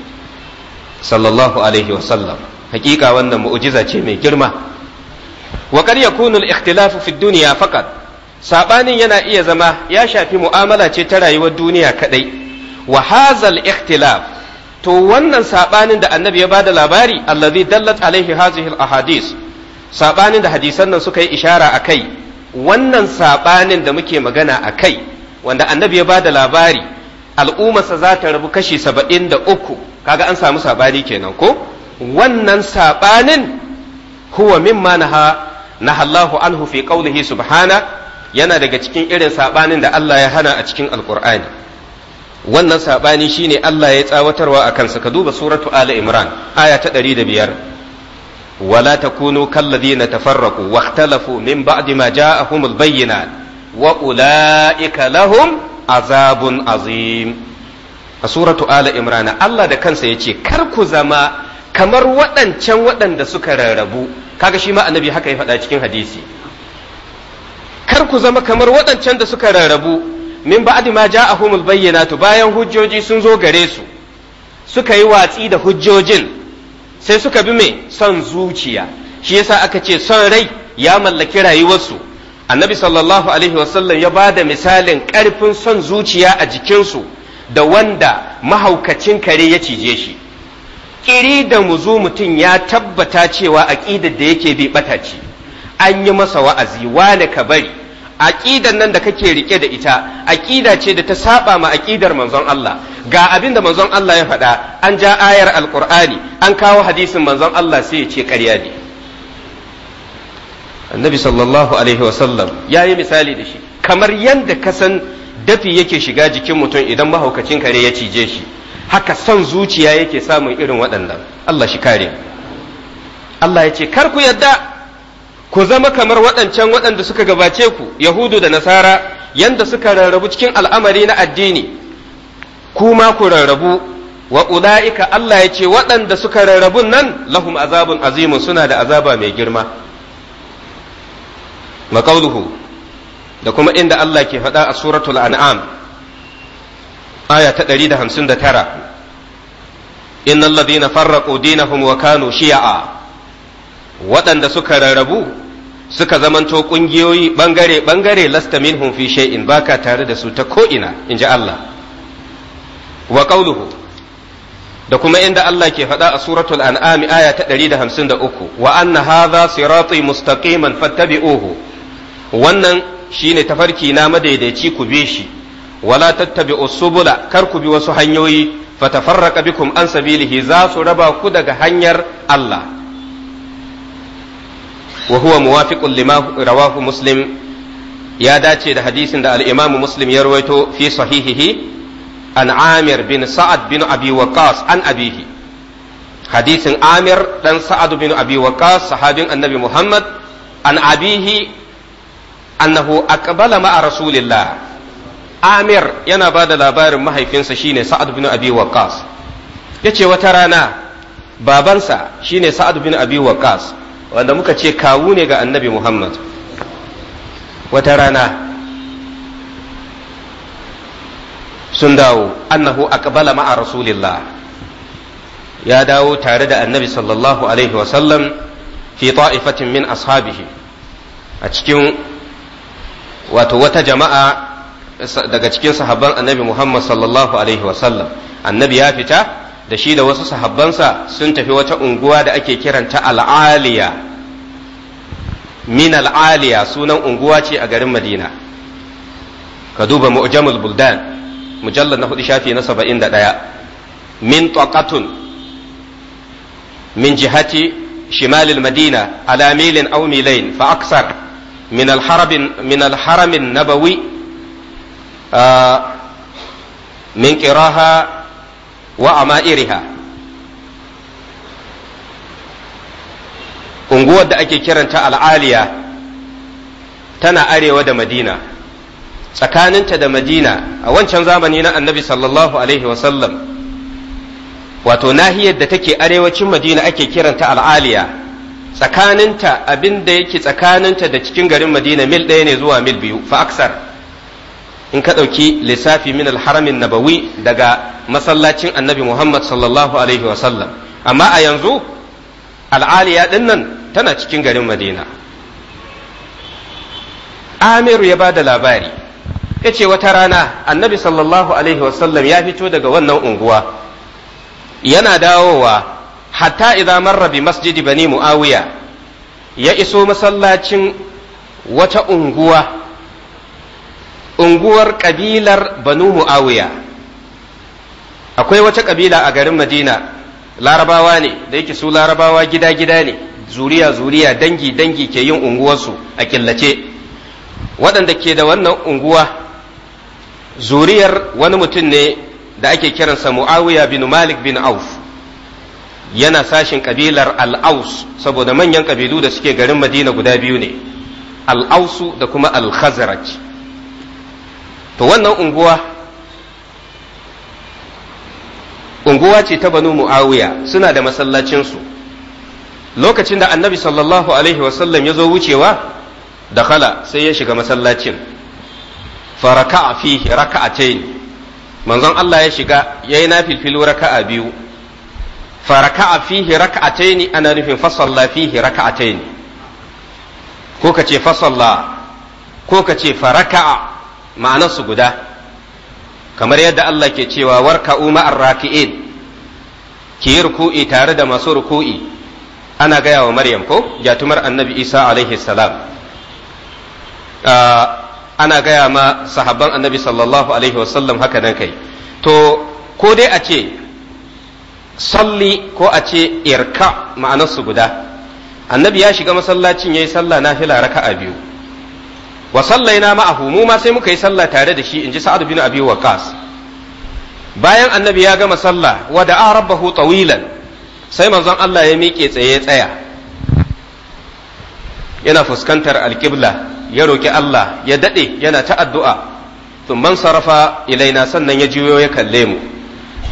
sallallahu alaihi wasallam hakika wannan mu'ujiza ce mai girma wa kar yakunu al-ikhtilafu Saɓanin yana iya zama ya shafi mu'amala ce ta rayuwar duniya kaɗai. wa hazal ikhtilaf to wannan saɓanin da annabi ya bada labari allazi dallat alaihi hazihi ahadis Saɓanin da hadisan nan suka yi ishara a kai. wannan saɓanin da muke magana a kai. wanda annabi ya bada labari al'ummarsa za ta rabu kashi saba'in da uku kaga an samu saɓani kenan ko wannan saɓanin huwa mimma naha nahallahu anhu fi qawlihi subhana yana daga cikin irin saɓanin da Allah ya hana a cikin alkur'ani wannan saɓani shine Allah ya tsawatarwa a kansa ka duba suratu ala imran aya ta ɗari da biyar wala takunu kalladina tafarraku waktalafu min ba'di ma humul bayyana, wa ulaika lahum azabun azim a suratu ala imran Allah da kansa ya ce, kar ku zama kamar waɗancan waɗanda suka rarrabu kaga shi ma annabi haka ya faɗa cikin hadisi kar ku zama kamar waɗancan da suka rarrabu min ba'di ma ja a bayyana to bayan hujjoji sun zo gare su suka yi watsi da hujjojin sai suka bi mai son zuciya shi yasa aka ce son rai ya mallaki rayuwarsu annabi sallallahu alaihi wasallam ya ba da misalin ƙarfin son zuciya a jikinsu da wanda mahaukacin kare ya cije shi ƙiri da muzu mutum ya tabbata cewa aƙidar da yake bi ɓata ce an yi masa wa'azi wane ka bari aqidan nan da kake rike da ita aqida ce da ta saba ma aqidar manzon Allah ga abin da manzon Allah ya faɗa an ja ayar alqur'ani an kawo hadisin manzon Allah sai ya ce ƙarya ne annabi sallallahu alaihi wasallam ya yi misali da shi kamar yadda ka san dafi yake shiga jikin mutum idan mahaukacin kare ya cije shi haka son zuciya yake samun irin waɗannan Allah shi kare Allah ya ce kar ku yadda ku zama kamar waɗancan waɗanda suka gabace ku yahudu da nasara yanda suka rarrabu cikin al'amari na addini ku ma ku rarrabu wa ula'ika Allah ya ce waɗanda suka rarrabun nan lahum azabun azimun suna da azaba mai girma maqauluhu da kuma inda Allah ke faɗa a suratul an'am aya ta 159 innal ladina farraqu dinahum wa kanu shi'a waɗanda suka rarrabu suka zamanto ƙungiyoyi ɓangare-ɓangare lasta minhum fi shay'in baka tare da su ta ko'ina in ji Allah wa da kuma inda Allah ke faɗa a suratul an'ami aya ta 153 wa anna hadha sirati mustaqiman fattabi'uhu wannan shine tafarki na madaidaici ku bi shi wala tattabi'u subula kar ku bi wasu hanyoyi fatafarraqa bikum an sabilihi za su raba ku daga hanyar Allah wa huwa muwafiqun lima rawahu muslim ya dace da hadisin da al-imamu muslim ya rawaito fi sahihihi an amir bin sa'ad bin abi waqas an abihi hadisin amir dan sa'ad bin abi waqas sahabin annabi muhammad an abihi annahu aqbala ma'a rasulillah amir yana ba da labarin mahaifinsa shine sa'ad bin abi waqas yace wata rana babansa shine sa'ad bin abi waqas wanda muka ce kawu ne ga annabi muhammad wata rana sun dawo annahu aqbala ma'a rasulillah ya dawo tare da annabi sallallahu alaihi wasallam fi ta'ifatin min ashabihi a cikin wato wata jama'a daga cikin sahabban annabi muhammad sallallahu alaihi wasallam annabi ya fita da shi da wasu sahabbansa sun tafi wata unguwa da ake kiranta al'aliya min al'aliya sunan unguwa ce a garin madina ka duba mu'jamul buldan mujallar na hudu shafi na saba'in da ɗaya min taqatun min jihati shimalil madina ala milin milain fa aksar min alharamin nabawi ah, min qiraha wa iriha unguwar da ake kiranta al'aliya tana arewa da madina tsakaninta da madina a wancan zamani na annabi sallallahu alaihi wasallam wato nahiyar da take arewacin madina ake kiranta al'aliya tsakaninta abin da yake tsakaninta da cikin garin madina mil ɗaya ne zuwa mil biyu fa aksar in ka ɗauki lissafi min alharamin nabawi daga masallacin annabi muhammad sallallahu alaihi wasallam amma a yanzu al'aliya ɗin nan tana cikin garin madina amiru ya ba da labari ya ce wata rana annabi sallallahu alaihi wasallam ya fito daga wannan unguwa yana dawowa hatta idan marra bi masjidi bani muawiya ya iso masallacin wata unguwa unguwar ƙabilar banu mu'awiya akwai wata ƙabila a garin madina larabawa ne da yake su larabawa gida-gida ne zuriya zuriya dangi dangi ke yin unguwarsu a killace waɗanda ke da wannan unguwa zuriyar wani mutum ne da ake kiransa mu'awiya bin malik bin auf yana sashin kabilar al'aus saboda manyan kabilu da suke garin madina guda biyu ne al'ausu da kuma al-khazraj to wannan unguwa unguwa ce ta banu mu'awiya suna da masallacinsu lokacin da annabi sallallahu alaihi wasallam ya zo wucewa da kala sai ya shiga masallacin faraka fihi raka'atain manzon Allah ya shiga ya yayi nafilfilu raka'a biyu faraka fihi raka'ataini ana nufin fasalla fihi raka'ataini ko ka ce fasalla ko ka ce faraka'a ma'anarsu guda kamar yadda Allah ke cewa warka'u ma'ar raki'in ki yi ruku'i tare da masu ruku'i ana gaya wa Maryam ko jatumar annabi Isa alaihi salam ah, ana gaya ma sahabban annabi sallallahu alaihi wasallam haka nan kai to ko dai a ce salli ko a ce irka ma'anarsu guda annabi ya shiga masallacin ya yi sallah na fila raka'a biyu wa sallaina ma'ahu mu ma sai muka yi sallah tare da shi inji sa'ad bin abi waqas bayan annabi ya gama sallah wa da'a rabbahu tawilan sai manzon Allah ya miƙe tsaye tsaya yana fuskantar alƙibla ya roki Allah ya dade yana ta addu'a thumman sarafa ilaina sannan ya juyo ya kalle mu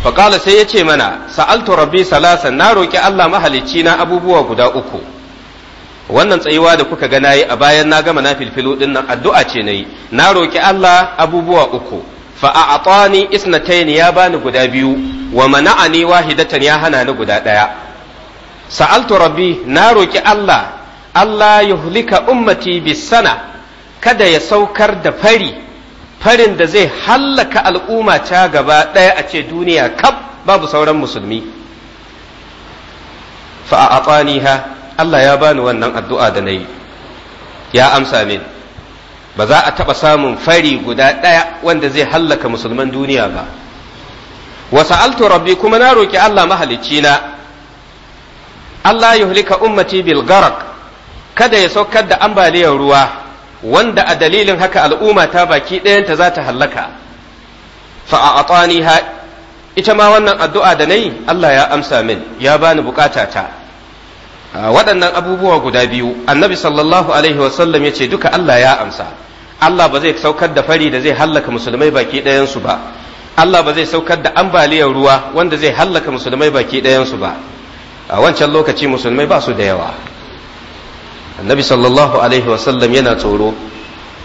fa sai ya ce mana sa'altu rabbi salasan na roki Allah mahalicci na abubuwa guda uku wannan tsayuwa da kuka ga nayi a bayan na gama na filfilu din nan addu'a ce nayi na roki Allah abubuwa uku fa a'tani isnatayn ya bani guda biyu wa mana'ani wahidatan ya hana ni guda daya sa'altu rabbi na roki Allah Allah yuhlika ummati bisana kada ya saukar da fari farin da zai hallaka al'umma ta gaba daya a ce duniya kaf babu sauran musulmi fa ha. Allah ya bani wannan addu'a da na yi ya amsa min ba za a taɓa samun fari guda ɗaya wanda zai hallaka musulman duniya ba wasu altu rabbi kuma na roƙi Allah mahalicci na Allah yuhlika ummati bil garak kada ya saukar da ambaliyar ruwa wanda a dalilin haka al'umma ta baki ɗayanta za ta hallaka fa a ita ma wannan addu'a da na yi Allah ya amsa min ya bani bukatata Ah, waɗannan abubuwa guda biyu annabi sallallahu alaihi wasallam ya ce duka Allah ya amsa Allah ba zai saukar da fari da zai hallaka musulmai baki ɗayansu ba Allah ba zai saukar da ambaliyar ruwa wanda zai hallaka musulmai baki ɗayansu ba a wancan lokaci musulmai ba su da yawa annabi sallallahu alaihi wasallam yana tsoro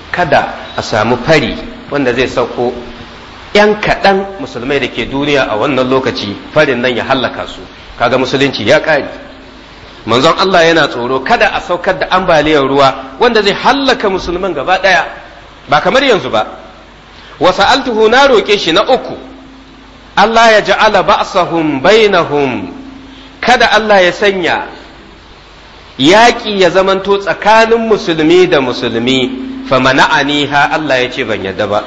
kada a samu fari wanda zai sauko ‘yan kaɗan musulmai da ke duniya a wannan lokaci farin nan ya hallaka su kaga musulunci ya ƙare manzon Allah yana tsoro kada a saukar da ambaliyar ruwa wanda zai hallaka musulman gaba ɗaya ba kamar yanzu ba wa sa'altuhu na roke shi na uku Allah ya ja'ala ba'sahum bainahum kada Allah ya sanya yaƙi ya zamanto tsakanin musulmi da musulmi fa mana'ani ha Allah ya ce ban yadda ba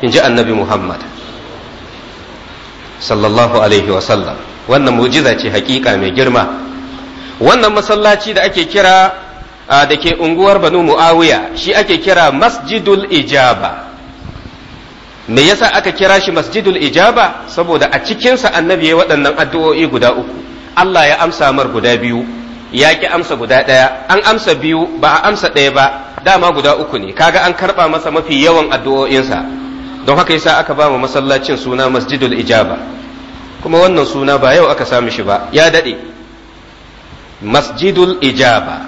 in ji annabi Muhammad sallallahu alaihi sallam, wannan mu'jiza ce hakika mai girma wannan masallaci da ake kira da ke unguwar banu mu'awiya shi ake kira masjidul ijaba me yasa aka kira shi masjidul ijaba saboda a cikinsa annabi ya waɗannan addu'o'i guda uku Allah ya amsa mar guda biyu ya ki amsa guda ɗaya an amsa biyu ba a amsa ɗaya ba dama guda uku ne kaga an karɓa masa mafi yawan addu'o'insa don haka yasa aka ba mu masallacin suna masjidul ijaba kuma wannan suna ba yau aka sami shi ba ya daɗe masjidul ijaba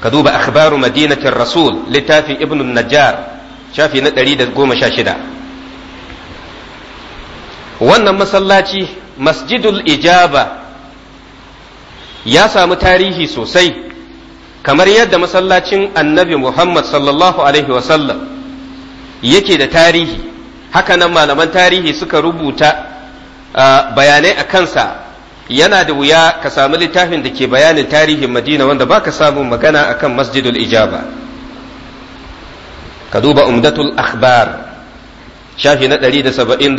ka duba akhbaru madinatin rasul littafin ibn najjar shafi na shida. wannan masallaci masjidul ijaba ya samu tarihi sosai kamar yadda masallacin annabi muhammad sallallahu alaihi wasallam yake da tarihi hakanan malaman tarihi suka rubuta ah, bayanai a kansa yana da wuya ka samu littafin da ke bayanin tarihin madina wanda ba ka samu magana akan masjidul ijaba ka duba umdatul akhbar shafi na 177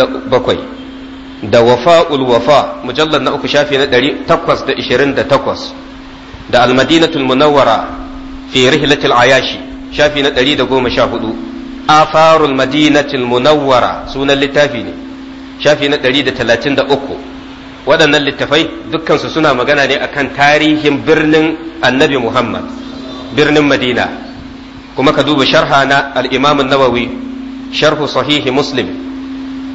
da wafa'ul wafa mujallar na uku shafi na 828 da almadinatul munawwara fi rihlatil ayashi shafi na 114 afarul madinatul munawwara sunan littafi ne shafi na 133 waɗannan littafai dukkansu suna magana ne akan tarihin birnin annabi Muhammad birnin Madina kuma ka duba sharha na al-Imam nawawi sharhu sahihi Muslim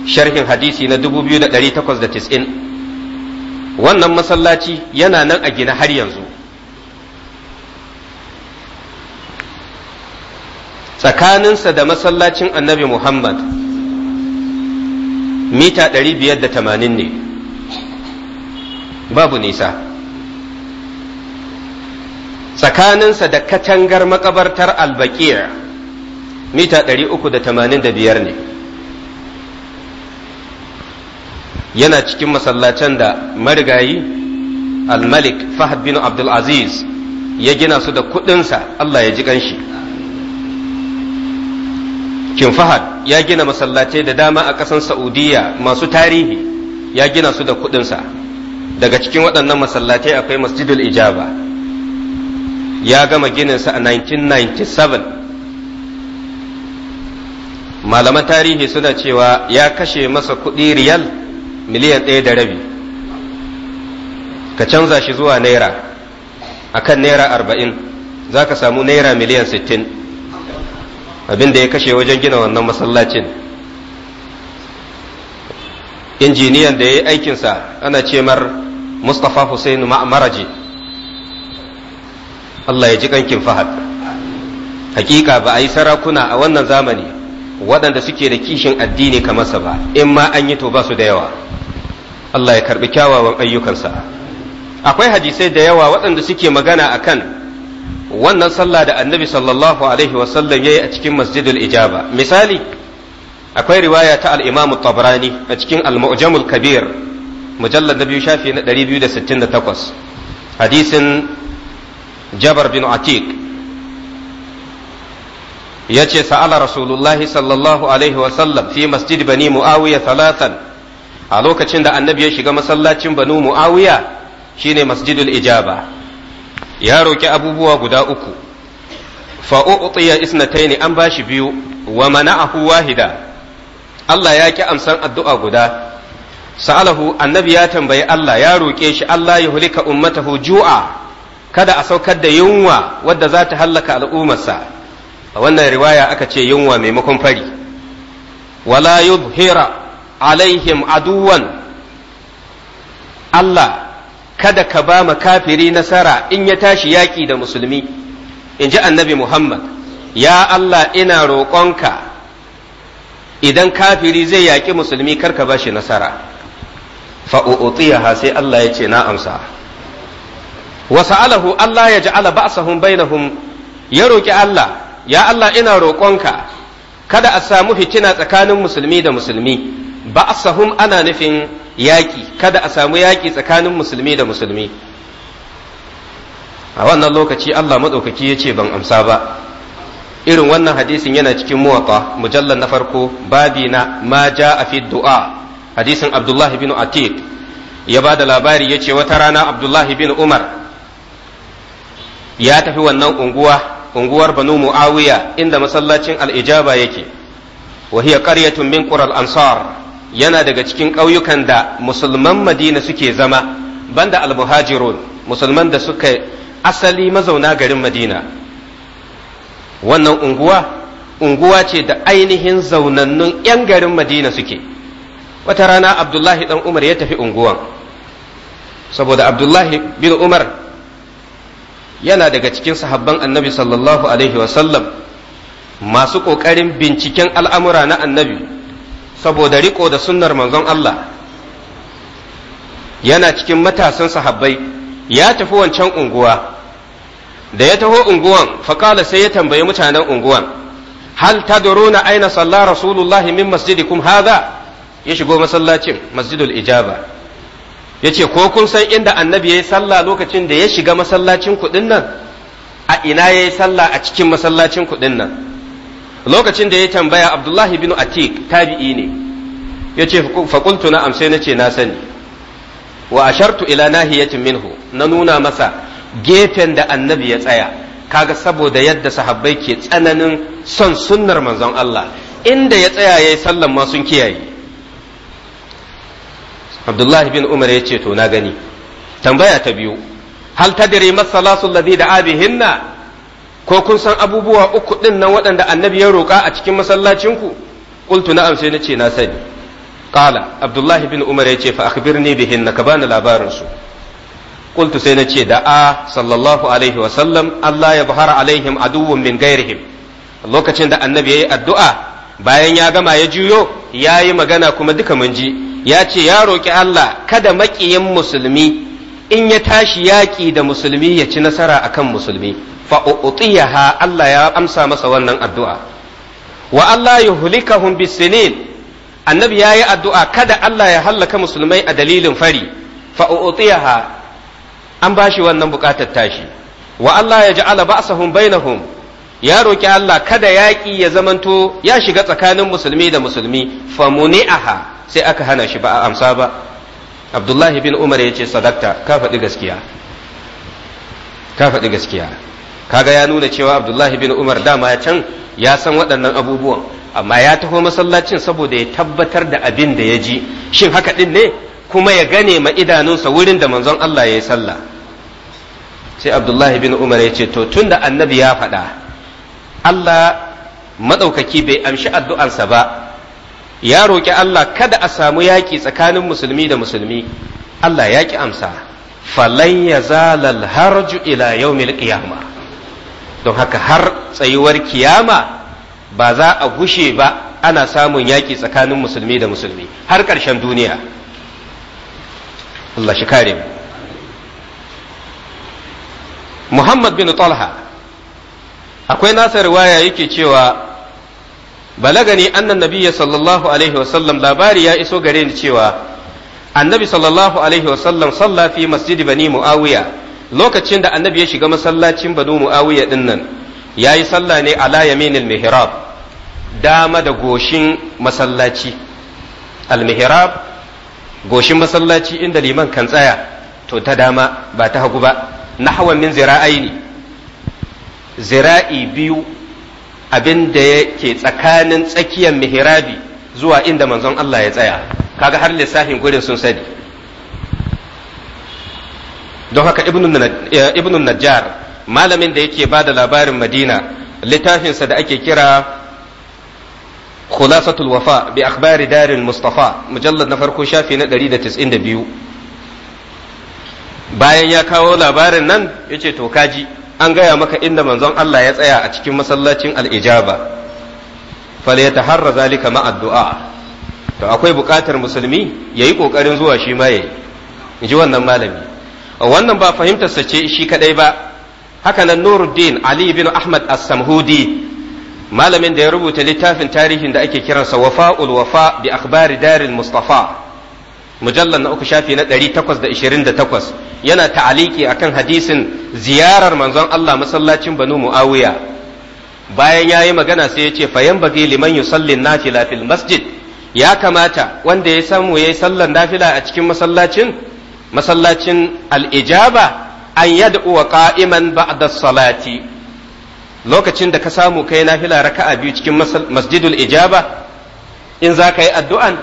sharhin hadisi na 2890 wannan masallaci yana nan a gina har yanzu tsakaninsa da masallacin annabi Muhammad mita 580 ne babu nisa tsakaninsa da katangar makabartar albaƙiyar mita 385 ne yana cikin masallacin da marigayi al-malik fahad bin abdulaziz ya gina su da kudinsa Allah ya ji ƙanshi kin fahad ya gina masallacai da dama a ƙasan saudiya masu tarihi ya gina su da kudinsa daga cikin waɗannan masallatai akwai masjidul ijaba ya gama ginin sa a 1997 malaman tarihi suna cewa ya kashe masa kuɗi riyal miliyan ɗaya da rabi ka canza shi zuwa naira a kan naira arba'in za ka samu naira miliyan sittin Abinda ya kashe wajen gina wannan masallacin injiniyan da ya yi aikinsa ana ce mar Mustapha Hussein Maraji. Allah ya ji kankin Fahad hakika ba a yi sarakuna a wannan zamani waɗanda suke da kishin addini kamar sa ba in ma an yi to ba su da yawa Allah ya karbi kyawawan ayyukansa akwai hadisai da yawa waɗanda suke magana a kan wannan sallah da annabi sallallahu alaihi wasallam ya yi a cikin masjidul ijaba misali akwai riwaya ta al-imam tabrani a cikin al-mu'jamul kabir mujallar na biyu shafi na 268 hadisin jabar bin atik ya ce sa'ala rasulullahi sallallahu alaihi wasallam fi masjid bani mu'awiya talatan a lokacin da annabi ya shiga masallacin banu mu'awiya shine masjidul ijaba ya roki abubuwa guda uku fa'u'utiya isnataini an bashi biyu wa mana ahu wahida Allah ya ki amsan addu'a guda sa'alahu annabi ya tambayi Allah ya roƙe shi Allah ya hulika ummatahu ju'a kada a saukar da yunwa wadda za ta hallaka al'ummarsa a wannan riwaya aka ce yunwa maimakon fari wala yudhira alaihim aduwan Allah kada ka ba ma kafiri nasara in ya tashi yaƙi da musulmi in ji annabi Muhammad ya Allah ina roƙonka idan kafiri zai yaƙi musulmi kar ka ba shi nasara fa'u'utiyaha sai Allah ya ce na amsa Wasu alahu Allah ya ja'ala ba'sahum bainahum ya roki Allah ya Allah ina roƙonka kada a samu fitina tsakanin musulmi da musulmi ba'sahum ana nufin yaƙi kada a samu yaƙi tsakanin musulmi da musulmi a wannan lokaci Allah maɗaukaki ya ce ban amsa ba irin wannan hadisin yana cikin muwaƙa mujallar na farko babi ma ja a fi du'a hadisin abdullahi bin atik ya ba da labari ya ce wata rana abdullahi bin umar ya tafi wannan unguwa unguwar banu mu'awiya inda masallacin al'ijaba yake wa hiya qaryatun min qural ansar yana daga cikin ƙauyukan da musulman madina suke zama banda al-muhajirun musulman da suka asali mazauna garin madina wannan unguwa unguwa ce da ainihin zaunannun 'yan garin madina suke wata rana abdullahi dan umar ya tafi unguwan saboda abdullahi bin umar yana daga cikin sahabban annabi sallallahu alaihi wasallam masu ƙoƙarin binciken al'amura na annabi saboda riko da sunnar manzon Allah yana cikin matasan sahabbai ya tafi wancan unguwa da ya taho unguwan faƙala sai ya tambayi mutanen unguwan hal tadruna aina sallah rasulullahi min masjidikum haza? ya shigo masallacin masjidul ijaba yace ko kun san inda annabi ya yi sallah lokacin da ya shiga masallacin kuɗin nan a ina ya yi sallah a cikin masallacin kuɗin nan lokacin da ya tambaya abdullahi bin atik tabi'i ne ya ce faƙultu na amsai na na sani wa ashartu ila nahiyatin minhu na nuna masa gefen da annabi ya tsaya kaga saboda yadda sahabbai ke tsananin son sunnar manzon Allah inda ya tsaya yayi sallan ma sun kiyaye abdullahi bin umar ya ce to na gani tambaya ta biyu hal tadri masalasul ladhi da abihinna ko kun san abubuwa uku din nan waɗanda annabi ya roƙa a cikin masallacinku qultu na'am sai nace na sani qala abdullahi bin umar ya ce fa akhbirni bihinna ka bani labarin su qultu sai nace da'a sallallahu alaihi wa sallam Allah ya bahara alaihim aduwwun min ghairihim lokacin da annabi yayi addu'a bayan ya gama ya juyo yayi magana kuma duka mun ji ya ce ya roƙi Allah kada maƙiyin musulmi in ya tashi yaƙi da musulmi ya ci nasara akan musulmi fa Allah ya amsa masa wannan addu'a wa Allah yuhlikahum bisinin annabi yi addu'a kada Allah ya hallaka musulmai a dalilin fari fa utiyaha an bashi wannan bukatar tashi wa Allah ya ji ba'sahum bainahum ya roƙi Allah kada yaƙi ya zamanto ya shiga tsakanin musulmi da musulmi fa muniaha sai aka hana shi ba a amsa ba abdullahi bin umar ya ce sadakta ka faɗi gaskiya ka faɗi gaskiya kaga ya nuna cewa abdullahi bin umar dama can ya san waɗannan abubuwan amma ya taho masallacin saboda ya tabbatar da abin da ya ji shin haka ɗin ne kuma ya gane ma idanunsa wurin da manzon Allah ya yi sallah sai abdullahi bin umar ya ce to tun da annabi ya faɗa Allah maɗaukaki bai amshi addu'arsa ba ya roƙi Allah kada a samu yaƙi tsakanin musulmi da musulmi Allah ya ki amsa falan ya zalal harju ila yaumil qiyama don haka har tsayuwar kiyama ba za a gushe ba ana samun yaƙi tsakanin musulmi da musulmi har ƙarshen duniya Allah shi kare Muhammad bin Talha akwai nasa riwaya yake cewa Balaga ne annan nabiyya sallallahu alaihi wasallam labari ya iso gare ni cewa annabi sallallahu alaihi wasallam salla fi masjidi bani muawiya lokacin da annabi ya shiga masallacin Bani muawiya din nan yayi sallah ne ala yaminil mihrab dama da goshin masallaci al mihrab goshin masallaci inda liman kan tsaya to ta dama ba ta hagu ba nahwan min zira'aini zira'i biyu abin da yake tsakanin tsakiyar mihrabi zuwa inda manzon Allah ya tsaya kaga har lissafin gurin sun sani don haka ibnun najjar malamin da yake ba da labarin madina littafinsa da ake kira khulasatul wafa bi akhbari darin mustafa mujallad na farko shafi na 192 bayan ya kawo labarin nan yace to kaji an gaya maka inda manzon Allah ya tsaya a cikin masallacin al'ijaba falyataharra zalika ma addu'a to akwai buƙatar musulmi yayi ƙoƙarin zuwa shi ma yayi inji wannan malami wannan ba fahimtar sa ce shi kaɗai ba haka nan Nuruddin Ali bin Ahmad As-Samhudi malamin da ya rubuta littafin tarihin da ake kiransa Wafa'ul Wafa bi akhbari daril Mustafa mujallar na uku shafi na 828 yana ta'aliki akan hadisin ziyarar manzon Allah masallacin banu muawiya bayan ya yi magana sai ya ce fayan bagi liman yusalli nafila fil masjid ya kamata wanda ya samu ya yi sallar nafila a cikin masallacin masallacin al-ijaba an yad'u wa qa'iman ba'da salati lokacin da ka samu kai nafila raka'a biyu cikin masjidul ijaba in za ka yi addu'an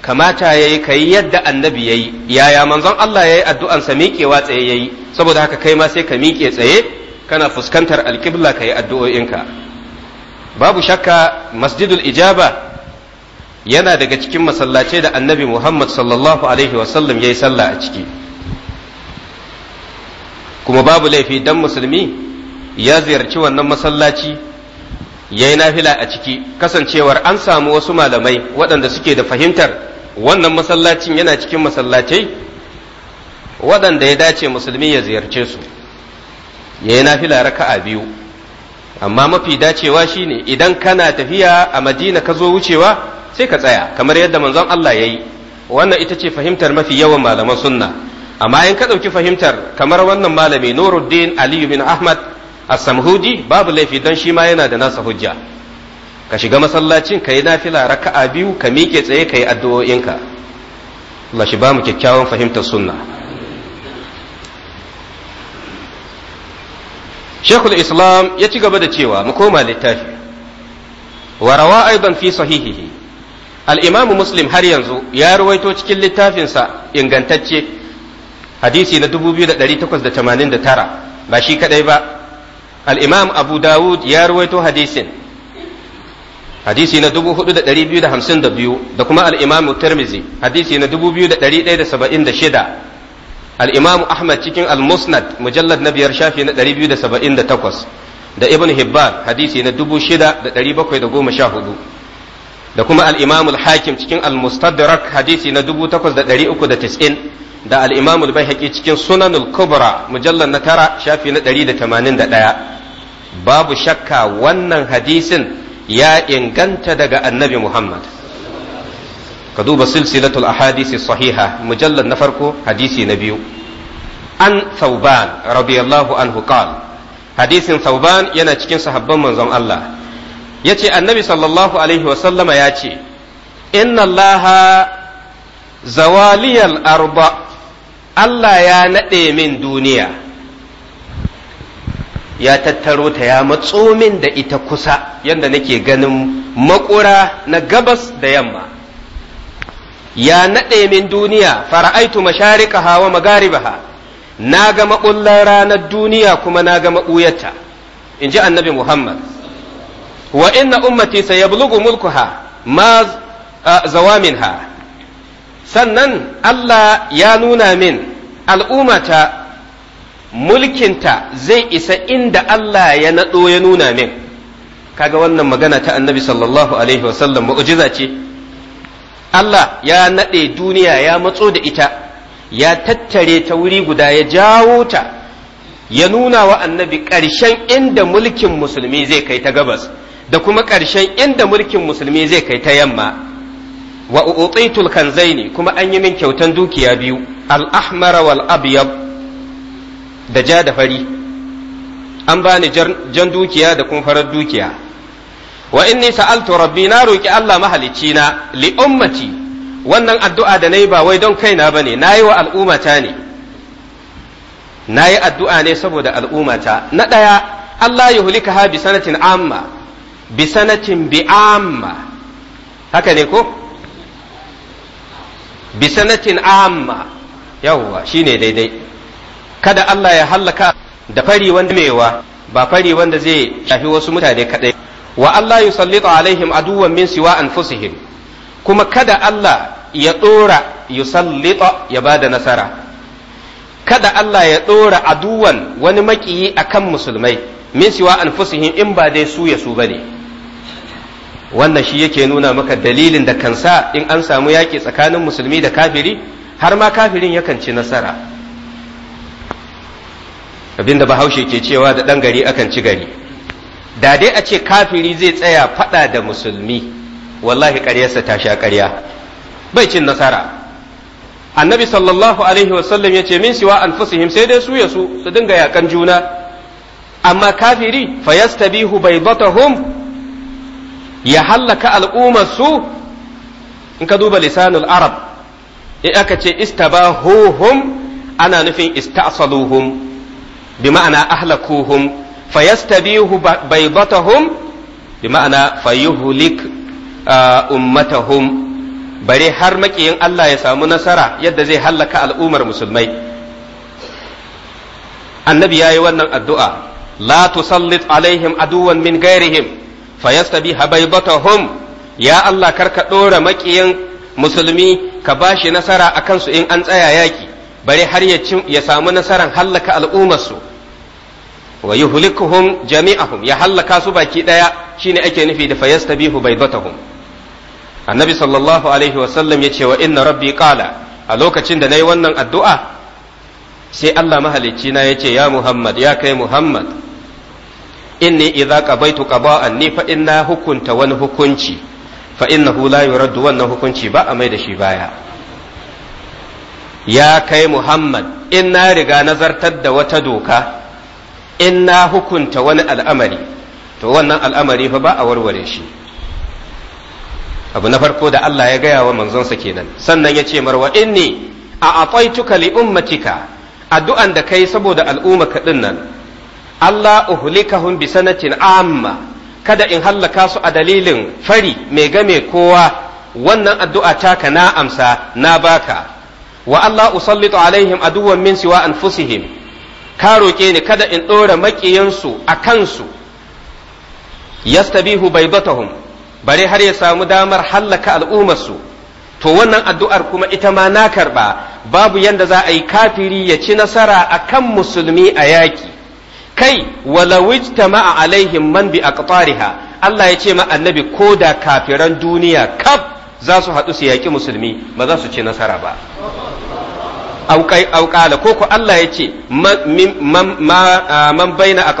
kamata ya yi ka yi yadda annabi ya yi yaya manzon Allah ya yi addu'an sa miƙewa tsaye ya yi saboda haka kai ma sai ka miƙe tsaye kana fuskantar alƙibla ka yi addu'o'inka babu shakka masjidul ijaba yana daga cikin masallace da annabi muhammad sallallahu alaihi wasallam ya yi sallah a ciki kuma babu laifi dan musulmi ya ziyarci wannan masallaci yayi nafila a ciki kasancewar an samu wasu malamai waɗanda suke da fahimtar wannan masallacin yana cikin masallacai waɗanda ya dace musulmi ya ziyarce su yayi nafila raka'a biyu amma mafi dacewa shine idan kana tafiya a madina ka zo wucewa sai ka tsaya kamar yadda manzon Allah ya yi wannan ita ce fahimtar mafi yawan malaman sunna amma in ka ɗauki fahimtar kamar wannan malami nuruddin aliyu bin ahmad as-samhudi babu laifi dan shi ma yana da nasa hujja ka shiga masallacin ka yi nafila raka'a biyu ka miƙe tsaye ka yi addu'o'inka Allah shi ba mu kyakkyawan fahimtar sunna Sheikhul Islam ya ci gaba da cewa mu koma littafi wa rawa aidan fi sahihihi al-Imam Muslim har yanzu ya ruwaito cikin littafinsa ingantacce hadisi na 2889 ba shi kadai ba Al'imam abu dawud ya ruwaito hadisin da kuma al tirmizi hadisi na 2176 al-imam ahmad cikin al-musnad mujallad na biyar shafi na 278 da ibn hibban hadisi na 6714 da kuma al al-hakim cikin al-mustadrak hadisi na 8390 da al-imam al-baihaqi cikin sunanul kubra mujallad na tara shafi na 181 babu shakka wannan hadisin ya inganta daga annabi Muhammad ka duba silsilatul ahadisi sahiha mujallar na farko hadisi na biyu an thauban radiyallahu anhu qal hadisin thauban yana cikin sahabban manzon Allah yace annabi sallallahu alaihi wa sallama ce. inna allaha zawaliyal arba Allah ya naɗe min duniya ya tattaro ta ya matso min da ita kusa yadda nake ganin makura na gabas da yamma ya naɗe min duniya fara'aitu masharika hawa magaribaha na ga maɓullar ranar duniya kuma na ga maɓuyarta in ji annabi muhammad wa inna ummati sayablughu mulkuha ma zawaminha sannan allah ya nuna min al'ummata mulkinta zai isa inda Allah ya naɗo ya nuna min kaga wannan magana ta annabi sallallahu alaihi wasallam mu'jiza ce Allah ya naɗe duniya ya matso da ita ya tattare ta wuri guda ya jawo ta ya nuna wa annabi ƙarshen inda mulkin musulmi zai kai ta gabas da kuma ƙarshen inda mulkin musulmi zai kai ta yamma wa uqaitul kanzaini kuma an yi min kyautan dukiya biyu al-ahmar wal abyad da ja da fari an bani jan dukiya da kuma farar dukiya wa inni sa'altu rabbi na roki Allah mahalicci na li ummati wannan addu'a da nayi ba wai don kaina bane nayi wa al'ummata ne nayi addu'a ne saboda al'ummata na daya Allah ya hulika ha bi sanatin amma bi sanatin bi amma haka ne ko bi sanatin amma yawwa shine daidai kada Allah ya hallaka da fari wanda mewa ba fari wanda zai shafi wasu mutane kadai wa Allah yusallitu alaihim aduwwan min siwa anfusihim kuma kada Allah ya dora yusallitu ya bada nasara kada Allah ya dora aduwan wani makiyi akan musulmai min siwa anfusihim in ba dai su ya su bane wannan shi yake nuna maka dalilin da kansa in an samu yaki tsakanin musulmi da kafiri har ma kafirin yakan ci nasara abinda bahaushe ke cewa da ɗan gari akan ci gari da dai a ce kafiri zai tsaya faɗa da musulmi wallahi ƙaryarsa ta sha ƙarya bai cin nasara annabi sallallahu alaihi wasallam ya ce min siwa anfusihim sai dai su ya su su dinga yakan juna amma kafiri fa yastabihu baydatahum ya hallaka al'ummar su in ka duba lisanul arab in aka ce istabahuhum ana nufin istasaluhum bi ma'ana ahlakuhum fayastabihu baydatahum bi ma'ana bare har makiyin Allah ya samu nasara yadda zai hallaka al'ummar musulmai annabi yayi wannan addu'a la tusallit alaihim aduwan min gairihim fayastabi habaibatahum ya Allah karka ɗora makiyin musulmi ka bashi nasara a kansu in an tsaya yaki bare har ya samu nasaran hallaka al'ummarsu wa yuhlikuhum jami'ahum ya hallaka su baki daya shine ake nufi da fayastabihu baydatahum annabi sallallahu alaihi wa sallam yace wa inna rabbi qala a lokacin da nayi wannan addu'a sai Allah mahalicci na yace ya Muhammad ya kai Muhammad inni idza qabaitu qaba'an ni fa inna hukunta wani hukunci fa innahu la yuraddu wannan hukunci ba a mai da shi baya ya kai Muhammad in na riga nazartar da wata doka in na hukunta wani al'amari to wannan al'amari fa ba a warware shi abu na farko da Allah ya gaya wa manzonsa kenan sannan ya ce marwa inni a aqaituka li ummatika addu'an da kai saboda al'umma ka nan Allah uhlikahum bi sanatin amma kada in hallaka su a dalilin fari mai game kowa wannan addu'a taka na amsa na baka wa Allah usallitu alaihim aduwan min siwa anfusihim ka roƙe ni kada in ɗora maƙiyansu a kansu yastabihu baibatahum bare har ya samu damar hallaka al'ummarsu to wannan addu'ar kuma ita ma na karɓa babu yanda za a yi kafiri ya ci nasara a kan musulmi a yaƙi kai walawij ma'a alaihim man bi aqtariha Allah ya ce ma annabi ko da kafiran duniya kaf za su haɗu su yaƙi musulmi ba za su ci nasara ba auƙala ko ko Allah ya ce man baina a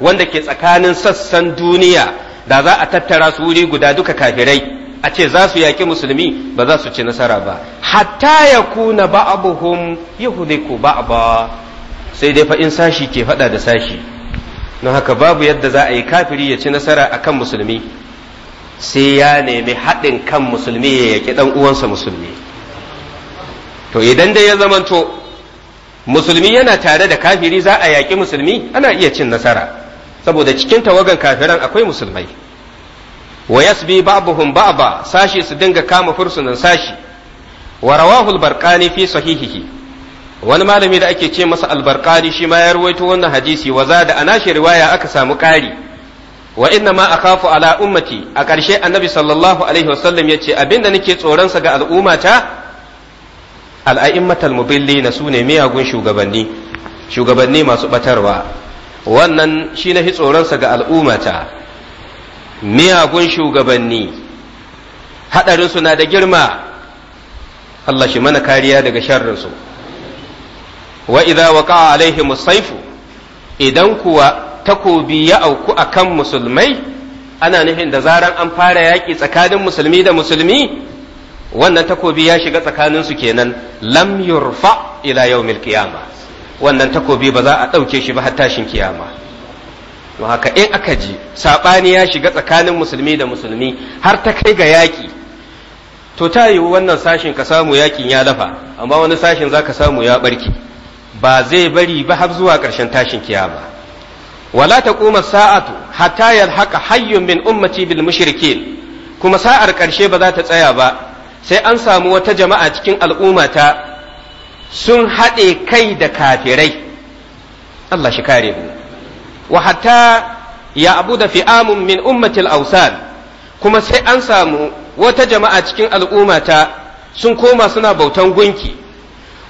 wanda ke tsakanin sassan duniya da za a tattara su wuri guda duka kafirai a ce za su yaƙi musulmi ba za su ci nasara ba hatta ya kuna ba'abuhum ba ba sai dai fa sashi ke fada da sashi don haka babu yadda za a yi kafiri ya ci nasara a kan musulmi sai ya nemi haɗin kan musulmi ya yaƙi ɗan uwansa musulmi to idan dai ya zamanto musulmi yana tare da kafiri za a yaƙi musulmi ana iya cin nasara saboda cikin tawagan kafiran akwai musulmai wa yasbi ba'dhum ba'ba sashi su dinga kama fursunan sashi wa rawahu al-barqani fi sahihihi wani malami da ake ce masa al shi ma ya ruwaito wannan hadisi wa zada ana shi riwaya aka samu ƙari wa inna ma akhafu ala ummati a ƙarshe annabi sallallahu alaihi wasallam yace abinda nake tsoron sa ga al'ummata al'a'immatal mubilli na su ne miyagun shugabanni shugabanni masu batarwa wannan shi na fi tsoronsa ga al'ummata miyagun shugabanni haɗarinsu na da girma Allah shi mana kariya daga sharrinsu wa idza waqa'a alaihim saifu idan kuwa takobi ya auku akan musulmai ana nufin da zaran an fara yaƙi tsakanin musulmi da musulmi wannan takobi ya shiga tsakanin su kenan lam yurfa ila yawmil qiyama wannan takobi ba za a ɗauke shi ba har tashin kiyama to haka in aka ji sabani ya shiga tsakanin musulmi da musulmi har ta kai ga yaki to ta yi wannan sashin ka samu yakin ya lafa amma wani sashin za ka samu ya barki ba zai bari ba har zuwa ƙarshen tashin kiyama wala taquma sa'atu hatta yalhaqa hayyun min ummati bil mushrikin kuma sa'ar ƙarshe ba za ta tsaya ba sai an samu wata jama'a cikin al'ummata sun haɗe kai da kafirai Allah shi kare mu wa hatta ya abu da fi'amun min ummatil ausan kuma sai an samu wata jama'a cikin al'ummata sun koma suna bautan gunki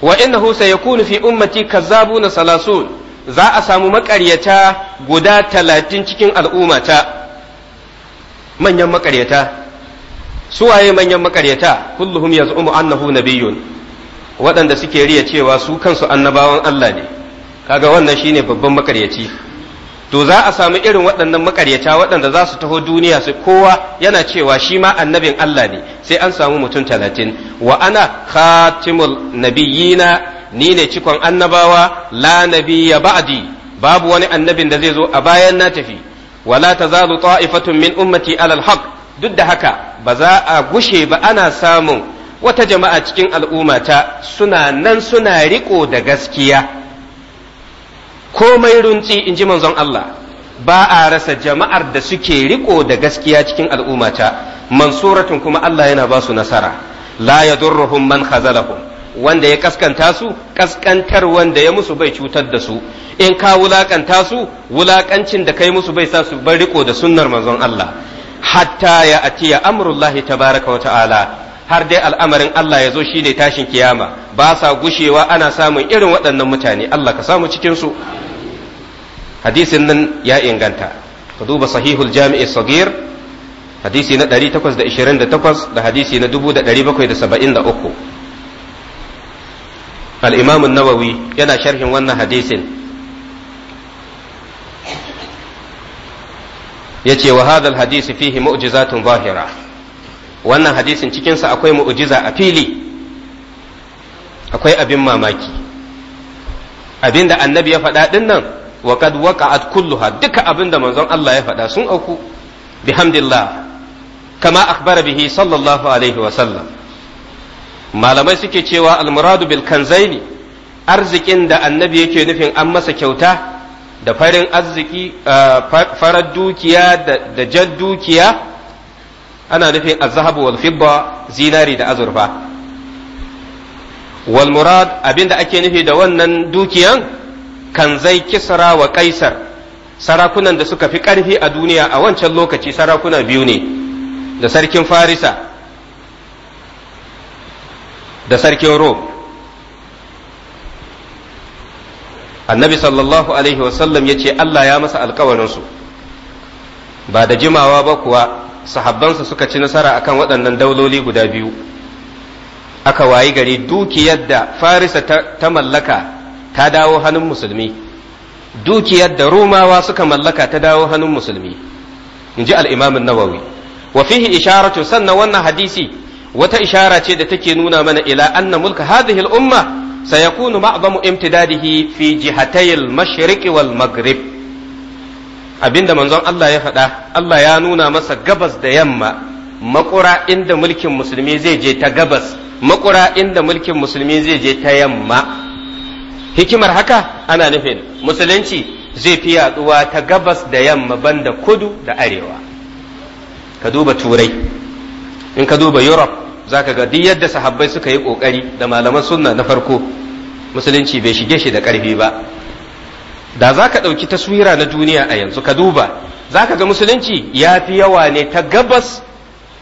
wa innahu sayakunu fi ummati na salasun za a samu maƙaryata guda talatin cikin al'ummata manyan makaryata suwaye manyan makaryata kulluhum yaz'umu annahu nabiyyun waɗanda suke riya cewa su kansu annabawan Allah ne kaga wannan shine babban makaryaci to za a samu irin waɗannan makaryata waɗanda za su taho duniya su kowa yana cewa shi ma annabin Allah ne sai an samu mutum talatin wa ana khatimul nabiyyina ni ne cikon annabawa la nabiyya ba'di babu wani annabin da zai zo a bayan na tafi wala tazalu ta'ifatun min ummati alal haqq duk da haka ba za a gushe ba ana samun wata jama'a cikin al'ummata suna nan suna riko da gaskiya komai runtsi in ji manzon Allah ba a rasa jama'ar da suke riko da gaskiya cikin al'ummata mansuratun kuma Allah yana ba su nasara la yadurruhum man khazalahum wanda ya kaskanta su kaskantar wanda ya musu bai cutar da su in ka wulakanta su wulakancin da kai musu bai sa su bar riko da sunnar manzon Allah hatta ya atiya amrullahi tabaraka wa ta'ala har dai al'amarin Allah ya zo shi ne tashin kiyama ba sa gushewa ana samun irin waɗannan mutane Allah ka samu cikinsu hadisin nan ya inganta ka duba sahihul jami'i sagir hadisi na 828 da hadisi na 1773 al-imam nawawi yana sharhin wannan hadisin yace wa hadha alhadith fihi mu'jizatun zahira wannan hadisin cikin sa akwai mu'jiza a fili akwai abin mamaki abinda annabi ya faɗa din nan wa qad waqa'at kulluha duka abinda manzon Allah ya faɗa sun auku bihamdillah kama akhbara bihi sallallahu alaihi wa sallam malamai suke cewa almuradu bil kanzaini arzikin da annabi yake nufin an masa kyauta da farin arziki farar dukiya da jan dukiya ana nufin azhabu wal fibba zinari da azurfa wal murad abinda ake nufi da wannan dukiyan kan zai kisra wa kaisar sarakunan da suka fi karfi a duniya a wancan lokaci sarakuna biyu ne da sarkin farisa da sarkin rome annabi sallallahu alaihi wasallam ya ce Allah ya masa alkawarinsu ba da jimawa ba kuwa sahabbansa suka ci nasara akan waɗannan dauloli guda biyu aka wayi gari dukiyar da farisa ta mallaka ta dawo hannun musulmi dukiyar da rumawa suka mallaka ta dawo hannun musulmi in ji al'imamin nawawi wa fihi isharatu sannan wannan hadisi wata ishara ce da take nuna mana ila anna mulka hadhihi al-umma sayakunu ma'zamu imtidadihi fi jihatay al-mashriq wal maghrib abinda manzon Allah ya faɗa Allah ya nuna masa gabas da yamma makura inda mulkin musulmi zai je ta gabas makura inda mulkin musulmi zai je ta yamma hikimar haka ana nufin musulunci zai fi yaduwa ta gabas da yamma banda kudu da arewa ka duba turai in ka duba europe zaka ga duk yadda sahabbai suka yi kokari da malaman sunna na farko musulunci bai shige shi da karfi ba da za ka ɗauki taswira na duniya a yanzu ka duba za ka ga musulunci ya fi yawa ne ta gabas